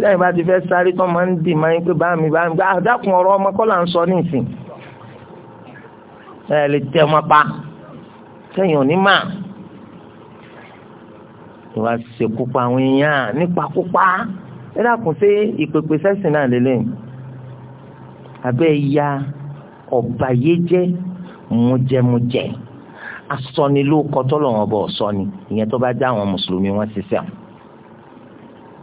lẹ́yìn bá ti fẹ́ sáré tán máa ń dì máa ń pè bá mi bá mi ah, dákun ọ̀rọ̀ ọmọ kọ́ ń sọ nísìnyí ẹ lè tẹ ọmọ pa sẹ́yìn òní mà ìwà ṣèkópa àwọn èèyàn nípakópa ẹ dákun sí ìpèpè sẹ́sìn náà lélẹ̀ abẹ́ ya ọ̀bàyéjẹ́ mújẹmújẹ asọni ló kọtọ lọ́wọ́ bọ̀ sọni ìyẹn tó bá dá àwọn mùsùlùmí wọn ṣiṣẹ́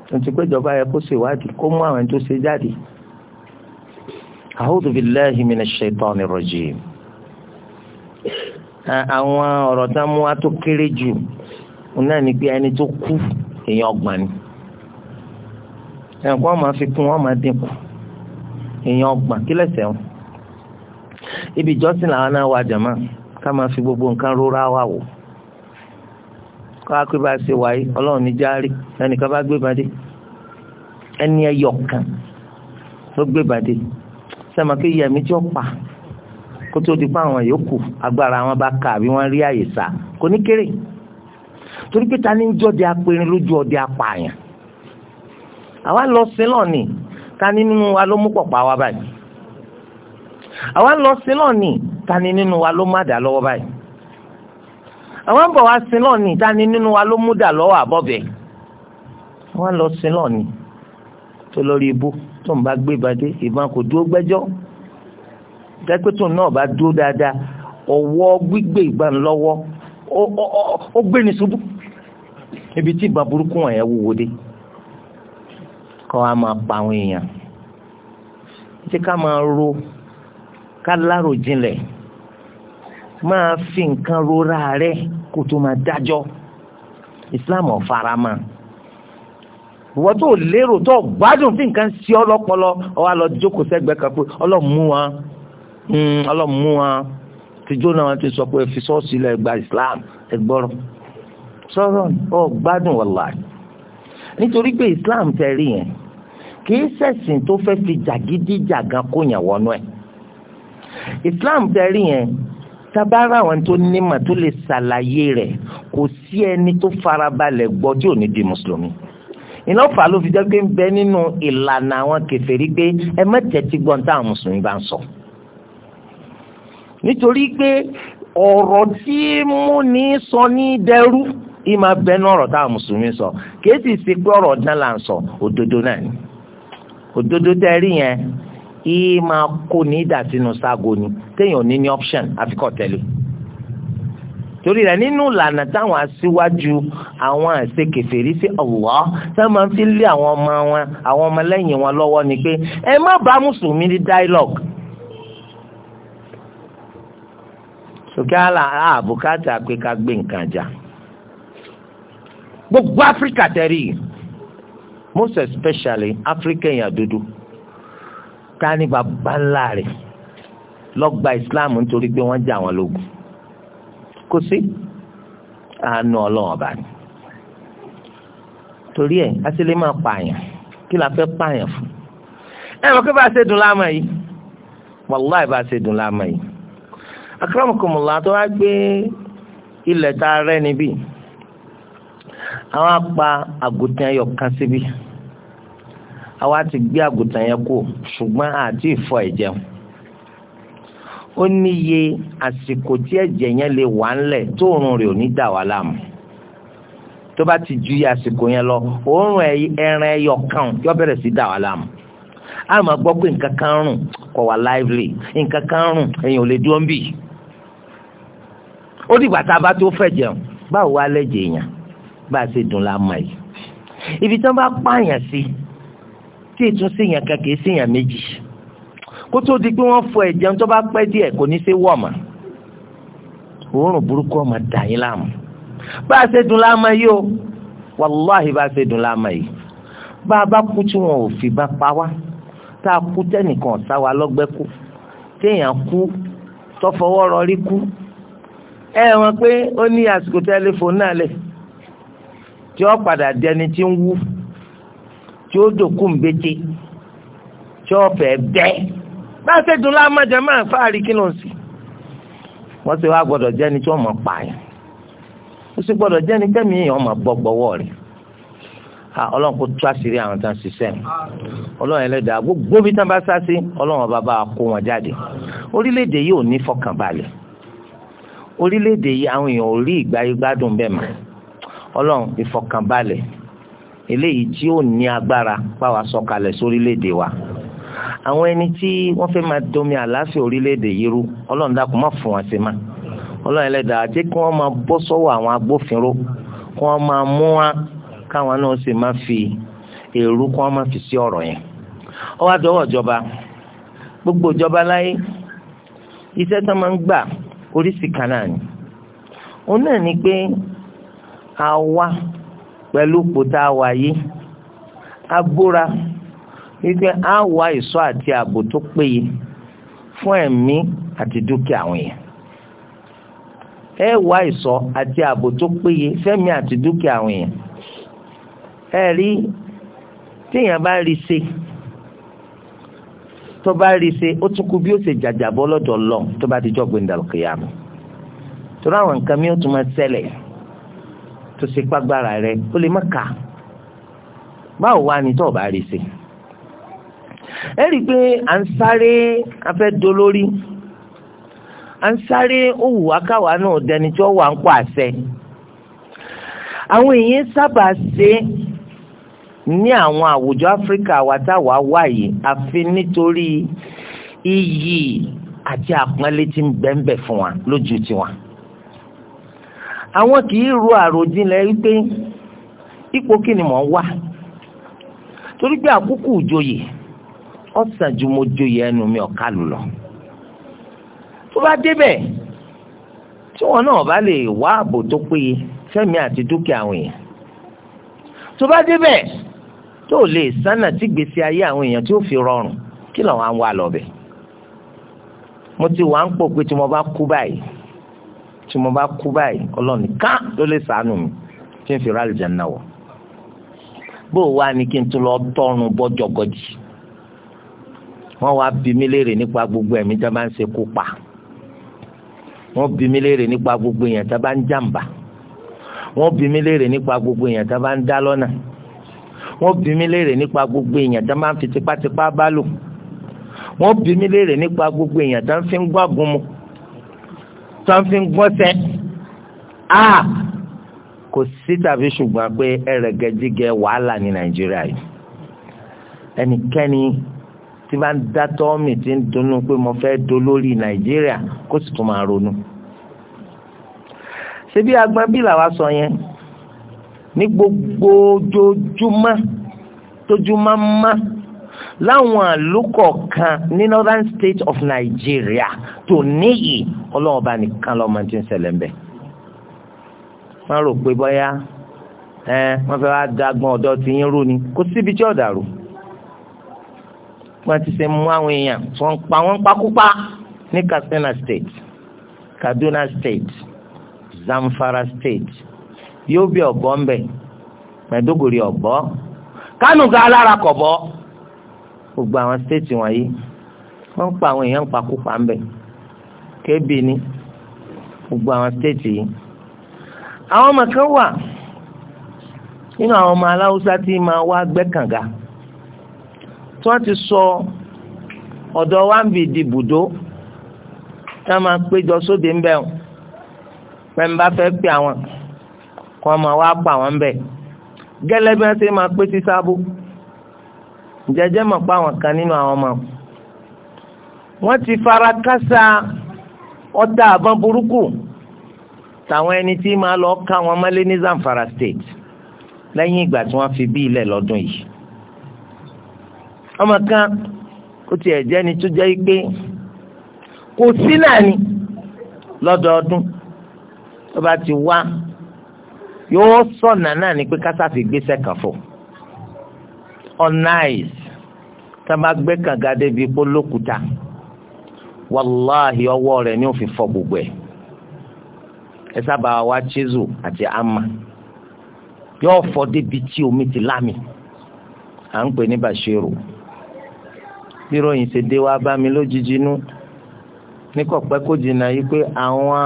tuntun pé ìjọba yẹ kó ṣèwádìí kó mú àwọn tó ṣe jáde. a'udhu billahi minash shaitani rajim àwọn ọ̀rọ̀ tá a mú wa tó kéré jù náà ni pé ẹni tó kú èèyàn ọgbọ̀n ni ẹ̀kọ́ máa fi kún wọ́n máa dínkù èèyàn ọgbọ̀n kí lẹ́sẹ̀ wọn. ibi ìjọsìn làwọn náà wà jàmá ká máa fi gbogbo nǹkan rọra wà wò kọ́ akpé bá ṣe wáyé ọlọ́run ní járe ẹnìkan bá gbé bàdé ẹni ẹyọ kan ló gbé bàdé sẹ́mi akéyí ẹ̀mí tí ó pa kó tó di pa àwọn yòókù agbára wọn bá ka àbí wọn rí àyè sá kò ní kéré torí pé ta ní jọdẹ apẹrin lójú ọdẹ apààyàn àwa lọ sí lọ́ọ̀nì ta ní nínú wa ló mú pọ̀pọ̀ àwa báyìí àwa lọ sí lọ́ọ̀nì ta ní nínú wa ló má dà lọ́wọ́ báyìí àwa ń bọ̀ wá sí lọ́ọ̀nì ta ní nínú wa ló mú dà lọ́wọ́ àbọ̀bẹ̀ àwa lọ sí lọ́ọ̀nì tó lórí ibú tó ń bá gbé ìbàdí ìbọn kò dúró gbẹ́jọ́ tẹ́pẹ́tò náà bá dúró dáadáa ọwọ́ gbígbé ìbọn lọ́wọ́ ó gbé ní ṣubú ibi tí ìbọn burúkú wọn yẹn wúwo dé kọ́ a máa pa àwọn èèyàn ṣé ká máa ro ká lárò jinlẹ̀ máa fi nǹkan rora rẹ kó tó máa dájọ́ Islam ọ̀farama wọ́n tó lérò tó gbádùn fi nǹkan sí ọlọ́pọlọ ọwọ́ àlọ́ jókòó sẹ́gbẹ̀ẹ́ kan pé ọlọ́mú wọn Hmm, ọlọ́run mú wọn tìjú náà wọn ti sọ pé fi sọ́ọ̀sì lọ ẹgbà Islam ẹgbọ́rọ̀ sọ̀rọ̀ ọ gbádùn wàlá nítorí pé Islam tẹ̀rí yẹn kìí ṣẹ̀sìn tó fẹ́ fi jàgídíjàgan kóyàn wọnú ẹ̀ Islam tẹ̀rí yẹn tabara àwọn tó nímọ̀ tó lè ṣàlàyé rẹ̀ kò sí ẹni tó farabalẹ̀ gbọ́ tí ò ní di mùsùlùmí iná fà ló fi jẹ́ pé ń bẹ nínú ìlànà àwọn kèfèrí pé ẹ má tẹ́tí gbọ́n táwọn mùsùlùmí bá ń sọ. So nítorí pé ọ̀rọ̀ tí mú ní sọ ní dẹrú ìmọ̀ abẹ́nú ọ̀rọ̀ táwọn mùsùlùmí sọ kìí sì ṣe pé ọ̀rọ̀ ọ̀dán là ń sọ òdodo náà ni òdodo tẹ́ yẹn ìmọ̀ kò ní ìdà sínú ságo ni téèyàn ní ní option àfikọ́ tẹ̀lé torí rẹ̀ nínú ìlànà táwọn aṣíwájú àwọn àṣekèfèrí sí Allah tá máa fi lé àwọn ọmọ wọn àwọn ọmọlẹ́yìn wọn lọ́wọ́ ni pé ẹ má bá mùsùlùmí ní dialogue sókè àlà àbùkátà pé ká gbé nǹkan jà gbogbo áfíríkà tẹ̀rí most especially African èèyàn dúdú ká ní bàbá ńlá rẹ̀ lọ́gba ìsìláàmù nítorí pé wọ́n jà wọ́n lógun kò sí àánú ọlọ́run ọba ni torí ẹ̀ asílẹ̀ máa pààyàn kí la fẹ́ pààyàn fún ẹ mọ̀ kí bá a ṣe dùn láàmú yìí wàláì bá a ṣe dùn láàmú yìí akramakumullah tó wá gbé ilẹ̀ tá a rẹ́ níbí àwọn apá àgùntàn ẹyọ kan síbí àwa ti gbé àgùntàn yẹn kú ṣùgbọ́n àti ìfọ ẹ̀jẹ̀ ó níye àsìkò tí ẹ̀jẹ̀ yẹn lè wà ńlẹ̀ tó òórùn rẹ̀ ò ní dà wá láàmú tó bá ti ju àsìkò yẹn lọ òórùn ẹran ẹyọ kan yóò bẹ̀rẹ̀ sí dà wá láàmú a máa gbọ́ pé nǹkan kan rùn kò wá lively nǹkan kan rùn èèyàn ò lè dúró ń bì ó dìgbà tá a bá tó fẹ́ jẹun báwo wá lẹ́jẹ̀ èèyàn bá a ṣe dùn la mọ̀ yìí ibi tí wọ́n bá pààyàn sí tí ètò séèyàn kan kì í séèyàn méjì kó tó di pé wọ́n fọ ẹ̀jẹun tó bá pẹ́ díẹ̀ kò ní ṣe wọ̀ọ̀mà òórùn burúkú ọmọ dà yín láàmú bá a ṣe dùn la yìí o wàláhì bá a ṣe dùn la yìí bá a bá kú tí wọn ò fi bá pa wá tá a kú tẹ́nìkan ọ̀sá wa lọ́gbẹ́ kú téèyàn kú tọ́fọwọ́ rọrí kú ẹ wọn pé ó ní àsìkò tẹlifóònù náà lẹ tí ó padà dẹni tí ń wú tí ó dòkú ń bété tí ó fẹ́ bẹ́ bá a ṣe dùn lámájà máa fáàrí kí ló ń sìn wọ́n sì wá gbọ́dọ̀ jẹ́ni tí wọ́n mọ̀ pààyàn ó sì gbọ́dọ̀ jẹ́ni tẹ́mi yìí wọ́n mọ̀ bọ́ gbọ́wọ́ rẹ̀ ọlọ́run kò tú àṣírí àwọn tó ń ṣiṣẹ́ ọlọ́run ẹlẹ́dàá gbogbo bí tán bá sá sí ọlọ́run bàbá kó wọn jáde orílẹ̀ yìí ò ní fọkànbalẹ̀ orílẹ̀-èdè yìí àwọn èèyàn ò rí ìgbáyé gbádùn bẹ́ẹ̀ mọ́ ọlọ́run ìfọkànbalẹ̀ eléyìí tí ó ní agbára báwa sọ̀kalẹ̀ sórílẹ̀-èdè wa àwọn ẹni tí wọ́n fẹ́ máa domi àlàáfíà orílẹ̀-èdè yìí rú ọlọ́run dákun má fún wọn sí ma ọlọ́run ẹlẹ́dàá jẹ́ kí wọ́n máa bọ́ sọ́wọ́ àwọn agbófinró kí wọ́n máa mú wa káwọn náà sì máa fi èrú kí wọ́n máa fi sí ọ̀rọ̀ yẹn ó wá ìjọba gbogbo ìjọba láyé iṣẹ́ tó máa ń gbà oríṣi kan náà ni òun náà ni pé a wá pẹ̀lú kòtà wáyé a búra wípé a wá ìṣọ́ àti ààbò tó péye fún ẹ̀mí àti dúkìá àwọn èèyàn ẹ wá ìṣọ́ àti ààbò tó péye fẹ́mi àti dúkìá àwọn èèyàn ẹ rí téèyàn bá rí ṣe tó bá rí i ṣe ó tún kú bí ó ṣe jàjàbọ́ lọ́dọ̀ lọ tó bá ti jọ́ gbẹ̀ndàlùkìyàmù torí àwọn nǹkan mi ó tún máa ṣẹlẹ̀ tó ṣe pàgbára rẹ ó lè má kà báwo wá ni tó bá ẹ rí i pé à ń sáré afẹ́ dolórí à ń sáré ó wù náà dẹni tí ó wà ń pọ̀ àṣẹ àwọn èèyàn sábà ṣe ní àwọn àwùjọ áfíríkà wa táwa wà yìí àfi nítorí iyì àti àpọ́nlé tí ń bẹ́ńbẹ́ fún wa lójú tiwa. àwọn kì í ro àròjinlẹ̀ wípé ipò kí ni mò ń wà torí pé àkókò òjòyè ọ̀sán ju mo joyè ẹnu mi ọ̀ka lù lọ. tó bá débẹ̀ tí wọn náà bá lè wá ààbò tó péye fẹ́mi àti dúkìá àwọn tó bá débẹ̀ tó lè sánà tí gbèsè ayé àwọn èèyàn tí ó fi rọrùn kí làwọn á ń wá lọ́bẹ̀. mo ti wà ń pò pé tí mo bá kú báyìí tí mo bá kú báyìí ọlọ́ọ̀nì ká ló lè sànù mi tí n fi rálì jẹ́ náà wọ̀. bó o wá ní kí n tún lọ tọrùn bọ́jọ̀gọ́jì wọ́n wá bí mi léèrè nípa gbogbo ẹ̀mí tó bá ń ṣe kú pa wọ́n bí mi léèrè nípa gbogbo èèyàn tó bá ń jàǹbá wọ́n bí mi léèrè nípa gbogbo èèyàn tó bá ń dá lọ́nà wọ́n bí mi léèrè nípa gbogbo èèyàn tó máa ń fi tipátipá bá lò wọ́n bí mi léèrè nípa gbogbo èèyàn tó ń fi ń gbọ́gun mu tó ń fi ń gbọ́sẹ̀ a kò sí tàbí ṣùgbọ́n pé ẹrẹ̀gẹ́dígẹ wàhálà ní nàìjíríà yìí ẹnikẹ́ni tí bá ń dá tọ́ọ̀mì tí ń dunnú pé mo fẹ́ dolórí nàìjíríà kó sì tún máa ronú ṣebí agbábí làwa sọ yẹn ní gbogbo ojoojúmọ́ tójúmọ́ mọ́ láwọn àlùkò kan ní northern state of Nigeria tó níyì ọlọ́ọ̀ba nìkan lọ́mọ tí ń ṣẹlẹ̀ ń bẹ̀. wọ́n rò pé bọ́yá ẹ wọ́n fẹ́ wá dagbọn ọ̀dọ́ tí yín rú ni kò síbi tí ọ̀dà rú. wọ́n ti ṣe mú àwọn èèyàn tí wọ́n pa wọ́n pakúpa ní Katsina state Kaduna state Zamfara state yóò bí ọ̀bọ ńbẹ mẹ́dógòrì ọ̀bọ kánò ga alára kọ̀bọ gbogbo àwọn stéètì wọ̀nyí wọ́n ń pa àwọn èèyàn pakúpa ńbẹ kébì ni gbogbo àwọn stéètì yìí àwọn ọmọ kan wà nínú àwọn ọmọ aláwùsá tí máa wá gbẹ́kànga tí wọ́n ti sọ ọ̀dọ̀ wa di bùdó tá a máa péjọ sóde ńbẹ o pẹ̀mbá fẹ́ pè àwọn kó ọmọ wa bà wọ́n bẹ̀ gẹ́lẹ́ bí wọ́n ṣe máa pé sí sábó jẹjẹ mọ̀ pé àwọn kan nínú àwọn ọmọ wọ́n ti fara kásá ọ̀tá àbọn burúkú táwọn ẹni tí máa lọ ká wọn mọ́lé ní Zamfara state lẹ́yìn ìgbà tí wọ́n fi bí ilẹ̀ lọ́dún yìí ọmọ kan ó tiẹ̀ jẹ́ ni tó jẹ́ pé kò sí náà ni lọ́dọọdún tó bá ti wá yóò sọ̀nà náà ni pé kásáfi gbéṣẹ́ kan fò ọ̀nàìs tá a bá gbé kànga débi pé lókùúta wàláhì ọwọ́ rẹ̀ ni ó fi fọ gbogbo ẹ̀ ẹ sábà wá chizu àti ama yóò fọ débi tí omi ti lámì à ń pè ní Bashiru bí ròyìn ṣe dé wá bá mi lójijì nú ní kọ̀pẹ́ kò jìnnà yìí pé àwọn.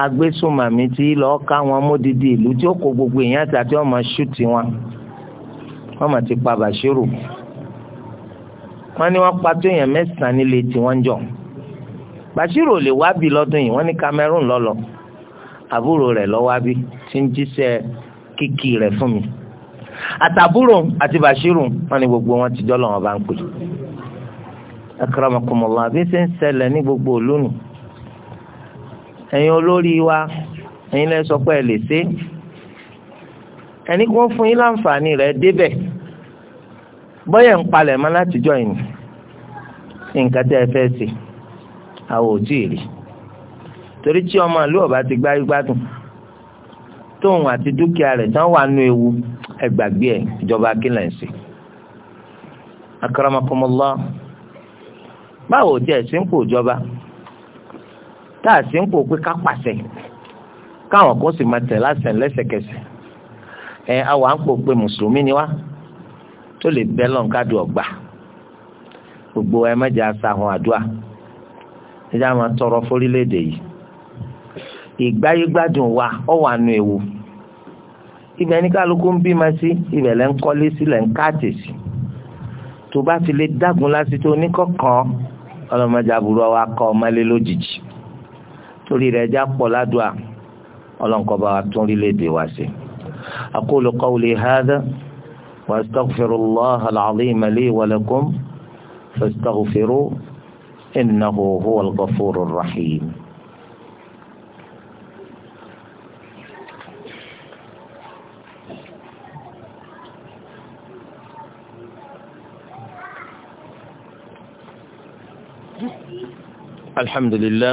agbésùnmàmí tí lọ́ọ́ ká wọn módìdí ìlú tí ó kó gbogbo èèyàn àtàtì ọmọ ṣùtì wọn wọ́n mà ti pa Bàṣírù wọ́n ní wọ́n pa tó èèyàn mẹ́sàn-án nílé tí wọ́n ń jọ Bàṣírù ò lè wá bí lọ́dún yìí wọ́n ní Cameroon lọ́lọ́ àbúrò rẹ̀ lọ́ wá bí tí ń jíṣẹ́ kíkì rẹ̀ fún mi àtàbúrò àti Bàṣírù wọ́n ní gbogbo wọn ti jọ́ lọ́wọ́ bá ń pè akramakumullah bí ṣe ń ṣẹlẹ̀ ní gbogbo òlónìí ẹ̀yin olórí wa ẹ̀yin lẹ sọ pé ẹ lè ṣe ẹni kí wọ́n fún yín láǹfààní rẹ̀ débẹ̀ bọ́yẹ̀ ń palẹ̀ mọ́ látijọ́ yìí ní nǹkan tẹ́ ẹ fẹ́ ṣe àwọn ò tí ì rí torí tí ọmọ ìlú ọba ti gbáyé gbádùn tóun àti dúkìá rẹ̀ tán wà nú ewu ẹ ẹ ìjọba kílẹ̀ ń ṣe. akaramakomọlá báwo sínkù ìjọba tá a sì ń kó pé ká pàṣẹ káwọn kan sì máa tẹ̀ láṣẹ lẹ́sẹ̀kẹsẹ̀ ẹ àwọn à ń kó pé mùsùlùmí ni wá tó lè bẹ́ lọ́n kádùn ọ̀gbà gbogbo ẹ má jẹ́ asahun àdúrà ẹ jẹ́ àwọn tọrọ fórílẹ̀-èdè yìí ìgbáyégbádùn wa ó wà nù ewu ibẹ̀ ní kálukú ń bímọ sí ibẹ̀ lẹ́ ń kọ́lé sí ń káàtì sí tó bá fi lè dágun lásìtò oníkọ̀ọ̀kan ọlọ́mọdé àbúrò wa kọ́ ọmọlé lójijì. torí rẹ̀ já pọ̀ ládùá ọlọ́nkọba tún rí léde wá sí. أقول قولي هذا وأستغفر الله العظيم لي ولكم فاستغفروه إنه هو الغفور الرحيم الحمد لله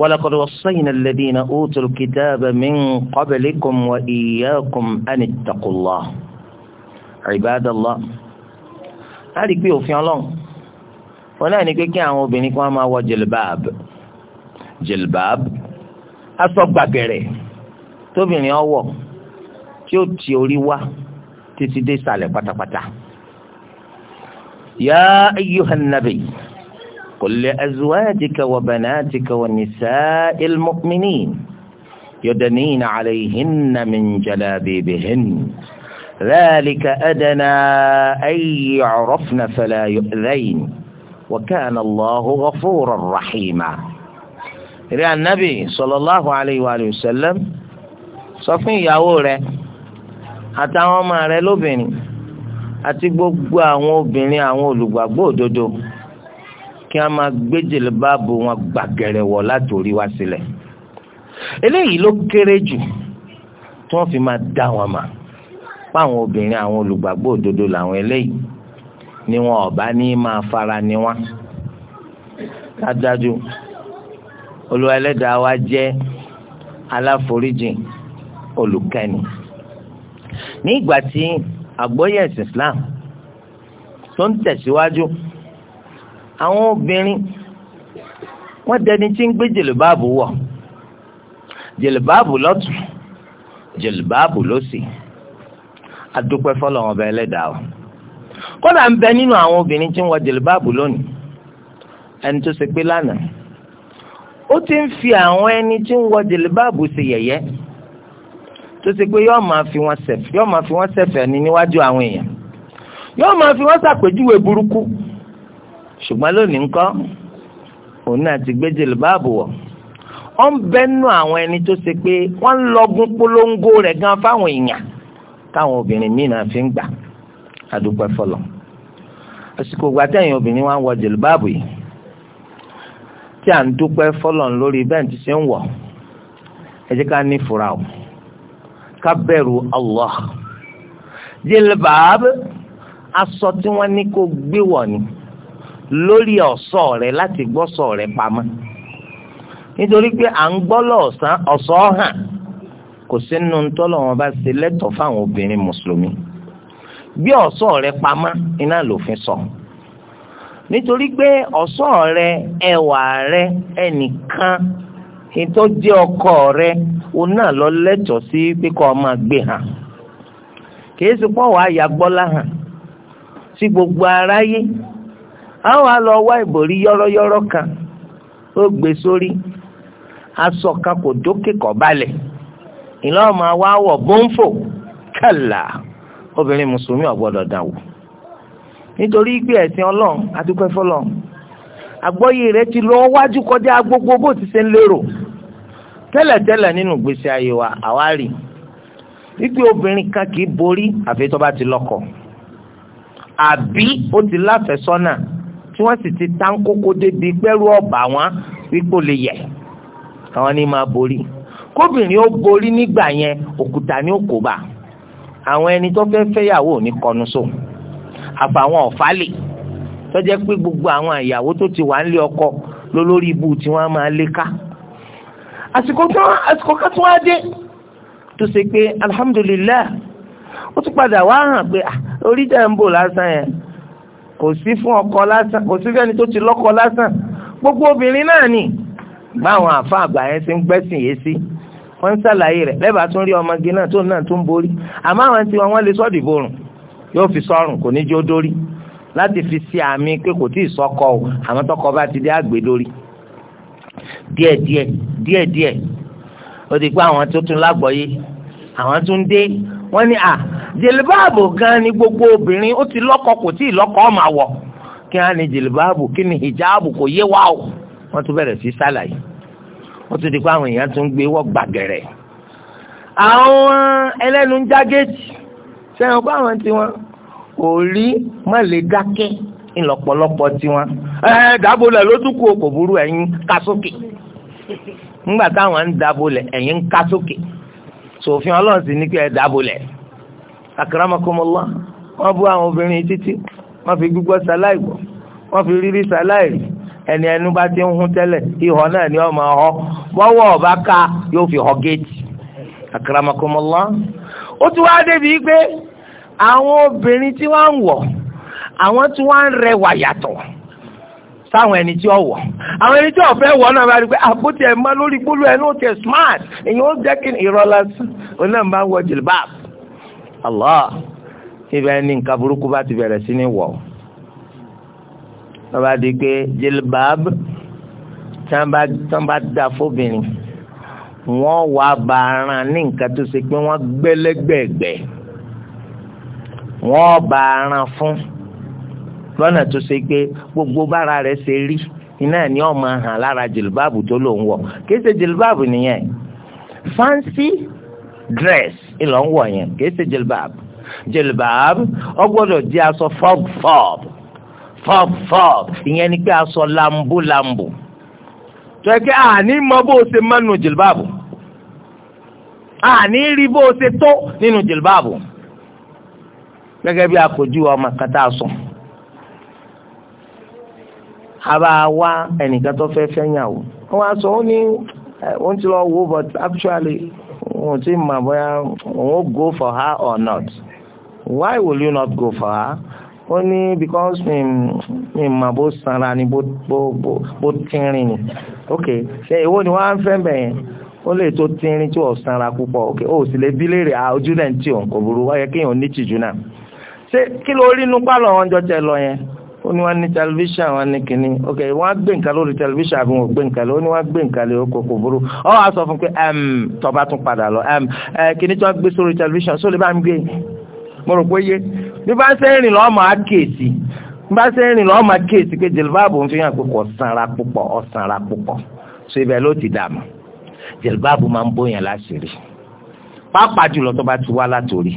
ولقد وصينا الذين أوتوا الكتاب من قبلكم وإياكم أن اتقوا الله عباد الله هذه بيه في الله ولا نكيك عن وبينك وما هو جلباب جلباب أصبع كره tóbìnrin ọwọ tí ó ti orí wá títí يا أيها النبي قل لأزواجك وبناتك والنساء المؤمنين يدنين عليهن من جلابيبهن ذلك أدنى أن يعرفن فلا يؤذين وكان الله غفورا رحيما إذا النبي صلى الله عليه وآله وسلم صفين fún ìyàwó rẹ̀ àtàwọn ọmọ rẹ̀ lóbìnrin àti gbogbo àwọn obìnrin kí wọ́n máa gbéjèlè báàbò wọn gbàgẹ̀rẹ̀ wọ̀ láti orí wá sílẹ̀ eléyìí ló kéré jù tí wọ́n fi máa dá wọn mà páwọn obìnrin àwọn olùgbàgbọ́ òdodo làwọn eléyìí ni wọn ọba ní máa fara ni wọn dájú olúwa ẹlẹ́dàá wa jẹ́ aláforíjìn olùkẹ́ni ní ìgbà tí àgbọ́yẹ̀sì Islam tó ń tẹ̀síwájú. Si àwọn obìnrin wọ́n dẹni tí ń gbé jèlèbáàbù wọ̀ jèlèbáàbù lọ́tún jèlèbáàbù lọ́sì adúpẹ́ fọlọ́wọn ọba ẹlẹ́dàá o kódà ń bẹ nínú àwọn obìnrin tí ń wọ jèlèbáàbù lónìí ẹni tó ṣe pé lánàá ó ti ń fi àwọn ẹni tí ń wọ jèlèbáàbù ṣe yẹ̀yẹ́ tó ṣe pé yóò máa fi wọn ṣẹ̀fẹ̀ ní níwájú àwọn èèyàn yóò máa fi wọn ṣàpèjúwe burúkú ṣùgbọ́n lónìí ńkọ́ òun náà ti gbé jìlìbáàbù wọ̀ ó ń bẹ́nu àwọn ẹni tó ṣe pé wọ́n ń lọ́gún polongo rẹ̀ gan fáwọn èèyàn táwọn obìnrin míì náà fi ń gbà àdúpẹ́ fọlọ́ àsìkò ìgbà tẹ̀yìn obìnrin wa ń wọ jìlìbáàbù yìí tí à ń dúpẹ́ fọlọ́ lórí bẹ́ẹ̀ ti ṣe ń wọ̀ ẹ jẹ́ ká ní ìfura o ká bẹ̀rù Allah jìlìbáàbù aṣọ tí wọ́n ní kó gbé wọ̀ ni. Jilbab, lórí ọ̀ṣọ́ rẹ̀ láti gbọ́ṣọ́ rẹ̀ pamọ́ nítorí pé à ń gbọ́lọ̀ ọ̀ṣọ́ hàn kò sínú tọ́lọ̀ wọn bá ṣe lẹ́tọ̀ọ́ fáwọn obìnrin mùsùlùmí bí ọ̀ṣọ́ rẹ̀ pamọ́ iná lòfin sọ nítorí pé ọ̀ṣọ́ rẹ̀ ẹwà rẹ̀ ẹnìkan ètò jẹ́ ọkọ rẹ̀ òun náà lọ lẹ́tọ̀ọ́ sí pé kó gbé hàn kìí ṣe pọ̀ wá yàgbọ́lá hàn sí gbogbo aráyé àwọn àlọ́ wá ìbòrí yọ́rọ́yọ́rọ́ kan ó gbé sórí aṣọ kan kò dókè kọ́ balẹ̀ ìlọ́ọ̀ máa wá wọ̀ bóńfò kàlà obìnrin mùsùlùmí ò gbọ́dọ̀ dà wò nítorí pé ẹ̀sìn ọlọ́run adúpẹ́ fọlọ́run àgbọ́yé rẹ̀ ti lọ wájú kọjá gbogbo bó ti ṣe ń lérò tẹ́lẹ̀tẹ́lẹ̀ nínú ìgbésí ayé wa àwárí wípé obìnrin kan kì í borí àfi tó bá ti lọ́kọ àbí ó ti láfẹ̀sọ́nà tí wọ́n sì ti tán kókó débi pẹ́rú ọ̀bà wọn wípé ó lè yẹ àwọn ni máa borí kóbìnrin ó borí nígbà yẹn òkúta ni ó kó bá àwọn ẹni tó fẹ́ fẹ́yàwó ní kọnu sóun àfàwọn ọ̀fálè tọ́jẹ́ pé gbogbo àwọn àyàwó tó ti wà ń lé ọkọ lólórí ibu tí wọ́n máa lé ká àsìkò tó àsìkò ká tó wá dé tó ṣe pé alhamdulillah ó tún padà wá hàn pé ah, orí jẹ́ ń bò lásán yẹn kò sí fún ọkọ lásán kò sí fẹ́ni tó ti lọ́kọ lásán gbogbo obìnrin náà ni báwọn àfa àgbà yẹn ti ń gbẹ́sìn yé sí wọ́n ń ṣàlàyé rẹ̀ lẹ́bàá tún rí ọmọge náà tó náà tún borí àmọ́ àwọn tí wọ́n lè sọ́ọ̀dì borùn yóò fi sọ́rùn kò ní jó dórí láti fi ṣe àmì pé kò tí ì sọ́kọ o àmọ́ tọkọ bá ti dé àgbè dórí díẹ̀díẹ̀ díẹ̀díẹ̀ ó di pé àwọn tó tún lágbọ́yé àwọn tún dé wọ́n ní à jìlìbáàbù gan ni gbogbo obìnrin ó ti lọ́kọ kò tí ì lọ́kọ ọmọ àwọ̀ kí á ní jìlìbáàbù kí ni hijabu kò yé wa o wọ́n tún bẹ̀rẹ̀ sí sálàyé ó tún di pé àwọn èèyàn tún gbé wọ́ gbàgẹ̀rẹ̀ àwọn ẹlẹ́nu jágéèjì sẹ́yìn pé àwọn tiwọn kò rí má lè dákẹ́ ńlọ́pọ̀lọpọ̀ tiwọn ẹ dábòlẹ̀ ló tún kò burú ẹ̀yin ká ńgbà táwọn ń dábòlẹ̀ ẹ̀yin ń ká sòfin ọlọ́run sì ní kí ẹ dábòlẹ̀ akramakumullah wọ́n bú àwọn obìnrin títí wọ́n fi gbígbọ́ sáláì gbọ́ wọ́n fi rírí sáláì rí ẹni ẹnu bá ti ń hún tẹ́lẹ̀ ihò náà ni ọmọ ọ̀họ́ bọ́wọ́ ọba ká yóò fi họ géètì akramakumullah ó ti wá débi pé àwọn obìnrin tí wọ́n ń wọ̀ àwọn tí wọ́n sáwọn ẹni tí ó wọ̀ àwọn ẹni tí ó fẹ́ wọ̀ náà bá rí pé àbótí ah, ẹ̀ máa lórí gbólú ẹ̀ náà tiẹ̀ smart èyí ó jẹ́ kí ìrọ̀lá onáà bá wọ jìlbáàb Allah ibẹ̀ ni nǹkan burúkú bá ti bẹ̀rẹ̀ sí ní wọ̀ wọ́n bá di pé jìlbáàb tí wọ́n bá da fóbìnrin wọ́n wà bàárà ní nǹkan tó ṣe pé wọ́n gbẹ́lẹ́gbẹ̀gbẹ̀ wọ́n bàárà fún lọ́nà tó ṣe pé gbogbo bára rẹ̀ ṣe rí iná ni ó máa hàn lára jìlbáàbù tó lò ń wọ̀ kìí ṣe jìlbáàbù nìyẹn fancy dress ìlọ ń wọ̀ yẹn kìí ṣe jìlbáàbù jìlbáàbù ó gbọ́dọ̀ jẹ́ aṣọ fọ́b fọ́b fọ́b fọ́b ìyẹn ni pé aṣọ lambu lambu tó yẹ kí àní mọ bó o ṣe mọ́nu jìlbáàbù àní rí bó o ṣe tó nínú jìlbáàbù gẹ́gẹ́ bí akójú ọmọ kan tá a sùn àbá wá ẹnìkan tó fẹ́ fẹ́yàwó wọ́n á sọ ó ní eh, wọ́n ti lọ wo but actually wọ́n ti mọ̀ bóyá wọ́n go for her or not why will you not go for her ó ní because mi mọ̀ bó sanra ni bó tínrín ni ok ṣe ìwọ ni wọ́n á fẹ́ bẹ̀yẹn ó lè tó tínrín tí ó sanra púpọ̀ ok ó sì lè bí léèrè ojú náà tí òun kò burú wáyé kéèyàn ní tìjú náà ṣé kí ló rí inú pálọ̀ wọn jọ tẹ lọ yẹn ó ní wọ́n ní tẹlifíṣàn wọ́n ní kínní ok wọ́n gbé nǹkan lórí tẹlifíṣàn àbí wọ́n gbé nǹkan lé ó ní wọ́n gbé nǹkan lé oko kò burú ọ wá sọ fún pé tọba tún padà lọ kínní tí wọ́n gbé sórí tẹlifíṣàn sóòlì bá ń gbé mo rò pé yé bí bá ń ṣe rìn lọ́mọ á kéèsì bí bá ń ṣe rìn lọ́mọ á kéèsì pé jìlbáàbù ń fi hàn pé kò sanra púpọ̀ ọ̀ sanra púpọ̀ so ibẹ̀ ló ti dààmú jìlbáàbù máa ń bóyàn láṣìírí pàápàá jùlọ tó bá ti wá látòrí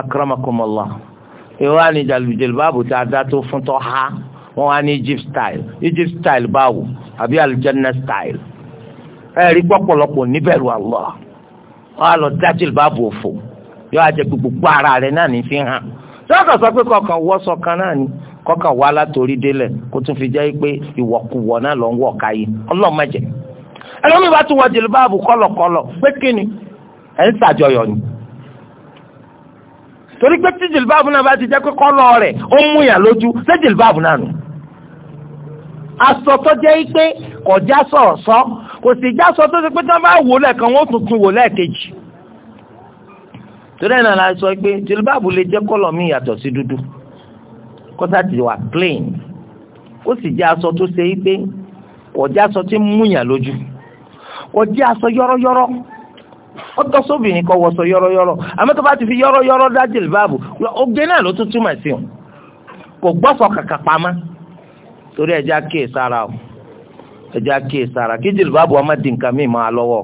akramakumullah ìwọ ni jàlùjẹ̀lùbáàbù tá a dá tó fún tó ha wọ́n wá ní Egypt style Egypt style báwo àbí aljanna style ẹ̀rí pọ̀pọ̀lọpọ̀ níbẹ̀rù Allah wọ́n á lọ dá jìlbáàbù òfò yóò á jẹ gbogbo ara rẹ̀ náà ní fi hàn sọ́kàn sọ pé kọ̀ọ̀kan wọ́ sọ̀kan náà ni kọ́kàn wá látòrí délẹ̀ kó tún fi jẹ́ pé ìwọ̀kuwọ̀ náà lọ ń wọ̀ káyé ọlọ́mọdé ẹlòmíì bá tún wọ jìlbáàbù kọ́lọ̀kọ́lọ̀ pé kíni ẹ̀ ń ṣàjọyọ̀ ni torí pé tí jìlbáàbù náà bá ti jẹ́ pé kọ́lọ́ rẹ̀ ó mú yàn lójú ṣé jìlbáàbù náà nù. aṣọ tó jẹ́ pé kọjá sọ̀rọ̀ sọ kò sì já sọ tó ṣe pé tí wọ́n bá wò lẹ́ẹ̀kan wọ́n tuntun wò lẹ́ẹ̀kejì. torí ẹ̀ náà sọ pé jìlbáàbù lè jẹ́ kọ́lọ̀ mi yàtọ̀ sí dúdú kọ́tà ti wà plain ó sì jẹ́ aṣọ tó ṣe pé kọjá sọ tí mú yàn lójú kọjá sọ yọ́rọ́yọ́rọ́ ó tọ́ sóbìnrin kọ́ wọṣọ yọ́rọ́yọ́rọ́ àmọ́ tó bá ti fi yọ́rọ́yọ́rọ́ dá jìlbáàbù oge náà ló tún túmọ̀ sí o kò gbọ́fọ̀ kàkà pamọ́ torí ẹ̀jẹ̀ àkíyè sára o ẹ̀jẹ̀ àkíyè sára kí jìlbáàbù ọmọ di nǹkan míì máa lọ́wọ́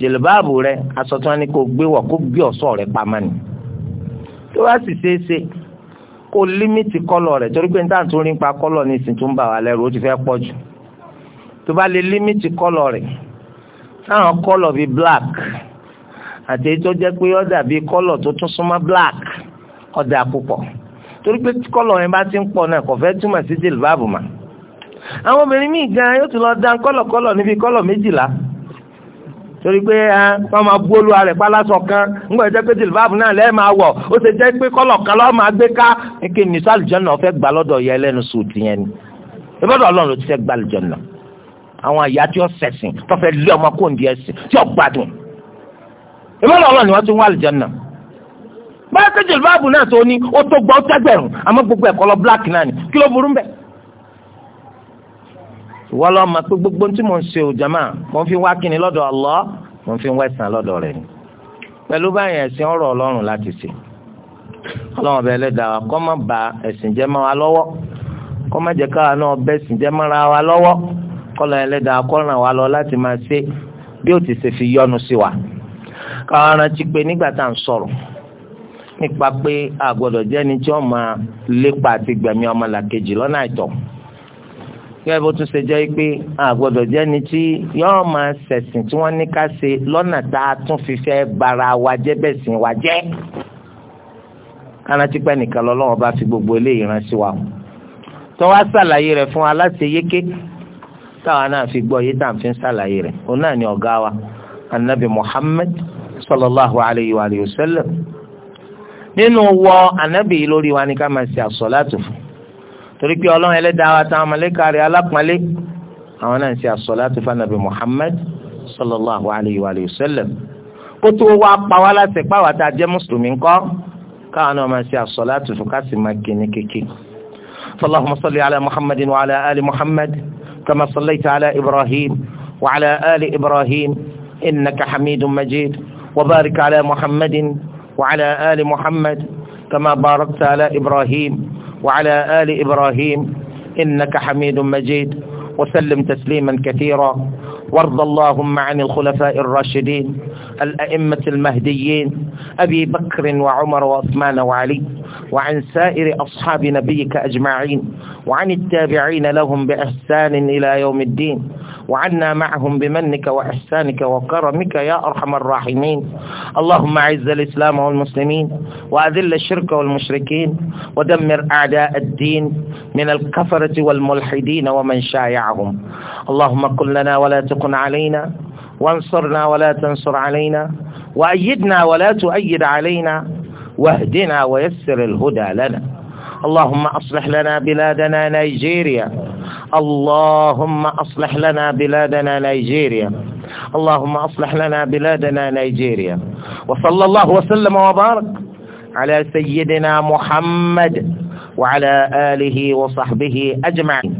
jìlbáàbù rẹ aṣọ tí wọ́n ní kó gbé wọ̀ kó gbé ọ̀ṣọ́ rẹ pamọ́ ni tó bá sì ṣeé ṣe kó límìtì kọ́lọ̀ rẹ̀ torí pé níta tó kọ́lọ̀ ní ìsìn tó ń bà wá lẹ́rù ó ti fẹ́ pọ̀ jù tó bá lè límìtì kọ́lọ̀ rẹ̀ táwọn kọ́lọ̀ bíi black àti èyí tó jẹ́ pé ó dàbí kọ́lọ̀ tó tún súnmọ́ black ó dà púpọ̀ torí pé kọ́lọ̀ yẹn bá ti ń pọ̀ náà kò fẹ́ túmọ̀ sí jìlbáàbù mà àwọn obìnrin míì gan yóò tún lọ dán kọ́lọ̀kọ́lọ̀ níbi kọ́lọ̀ méjìlá torí pé wọ́n máa bú olúwa rẹ̀ pálásọ kan ńgbọ́n ìjẹ́ pé jìlbáàbù náà lẹ́ẹ̀ máa wọ̀ ó ti jẹ́ pé kọ́lọ̀ kan lọ́ọ́ máa gbé ká ní kí nìṣàlùjọ́ náà fẹ́ gbà lọ́dọ̀ yẹ lẹ́nu sùn tìyẹn ni ìbọ̀dọ̀ ọlọ́run ti fẹ́ gbà lùjọ́ náà àwọn àyà tí ó sẹ̀sìn tó fẹ́ lé ọmọ kó ń di ẹ̀sìn tí ó gbádùn. ìmọ̀lẹ̀ ọlọ́run ni wọ́n ti ń wá àlùjánnà. báyà kéjì báàbù náà tó ní ó tó gbọ́ tẹ́gbẹ̀rún àmọ́ gbogbo ẹ̀kọ́ lọ black náà ni kí ló burú ń ìwọ lọ mọ̀ pé gbogbo tí mò ń ṣe ò jàmá mò fi wá kíni lọ́dọ̀ Allah mò ń fi wẹ́sàn lọ́dọ̀ rẹ̀ ni. pẹ̀lú báyẹn ẹ̀sìn ọ̀rọ̀ kọ́lọ̀ ẹlẹ́dàá kọ́ràn wa lọ láti máa ṣe bí ó ti ṣe fi yọ́nú sí wa káwọn rántí pé nígbà tá à ń sọ̀rọ̀ nípa pé a gbọ́dọ̀ jẹ́ ẹni tí wọ́n máa lépa àti gbẹ̀mí ọmọlàkejì lọ́nà àìtọ́ gẹ́gẹ́ bó tún ṣe jẹ́ pé a gbọ́dọ̀ jẹ́ ẹni tí yọ́n máa ṣẹ̀sìn tí wọ́n ní ká ṣe lọ́nà tá a tún fi fẹ́ bara wa jẹ́ bẹ̀sìn wa jẹ́ káwọn rántí pé nìkan lọ́lọ́wọ́ bá fi gbogbo eléyìí rán wa tó wá rẹ̀ fún wa láti táwa náà fi gbọ́ yìí tá à ń fi ń ṣàlàyé rẹ̀ òun náà ni ọ̀gá wa anabi muhammed sallallahu alayhi wa sallam nínú wọ anabi lórí wa ni ká máa ṣe àsọ̀láàtù fún torí pé ọlọ́run ẹlẹ́dàá wa táwọn mọ̀lẹ́kàrí alápọ̀nlé àwọn náà ń ṣe àsọ̀láàtù fún anabi muhammed sallallahu alayhi wa sallam kó tó wá pa wá láti pa wá tá a jẹ́ mùsùlùmí ńkọ́ káwọn náà máa ṣe àsọ̀láàtù fún ká sì máa kéne kéke. فاللهم صل على محمد وعلى آل محمد كما صليت على إبراهيم وعلى آل إبراهيم إنك حميد مجيد وبارك على محمد وعلى آل محمد كما باركت على إبراهيم وعلى آل إبراهيم إنك حميد مجيد وسلم تسليما كثيرا وارض اللهم عن الخلفاء الراشدين الأئمة المهديين أبي بكر وعمر وعثمان وعلي وعن سائر أصحاب نبيك أجمعين وعن التابعين لهم بإحسان إلى يوم الدين وعنا معهم بمنك وإحسانك وكرمك يا أرحم الراحمين اللهم أعز الإسلام والمسلمين وأذل الشرك والمشركين ودمر أعداء الدين من الكفرة والملحدين ومن شايعهم اللهم كن لنا ولا تكن علينا وانصرنا ولا تنصر علينا وأيدنا ولا تؤيد علينا واهدنا ويسر الهدى لنا اللهم أصلح لنا بلادنا نيجيريا اللهم أصلح لنا بلادنا نيجيريا اللهم أصلح لنا بلادنا نيجيريا وصلى الله وسلم وبارك على سيدنا محمد وعلى آله وصحبه أجمعين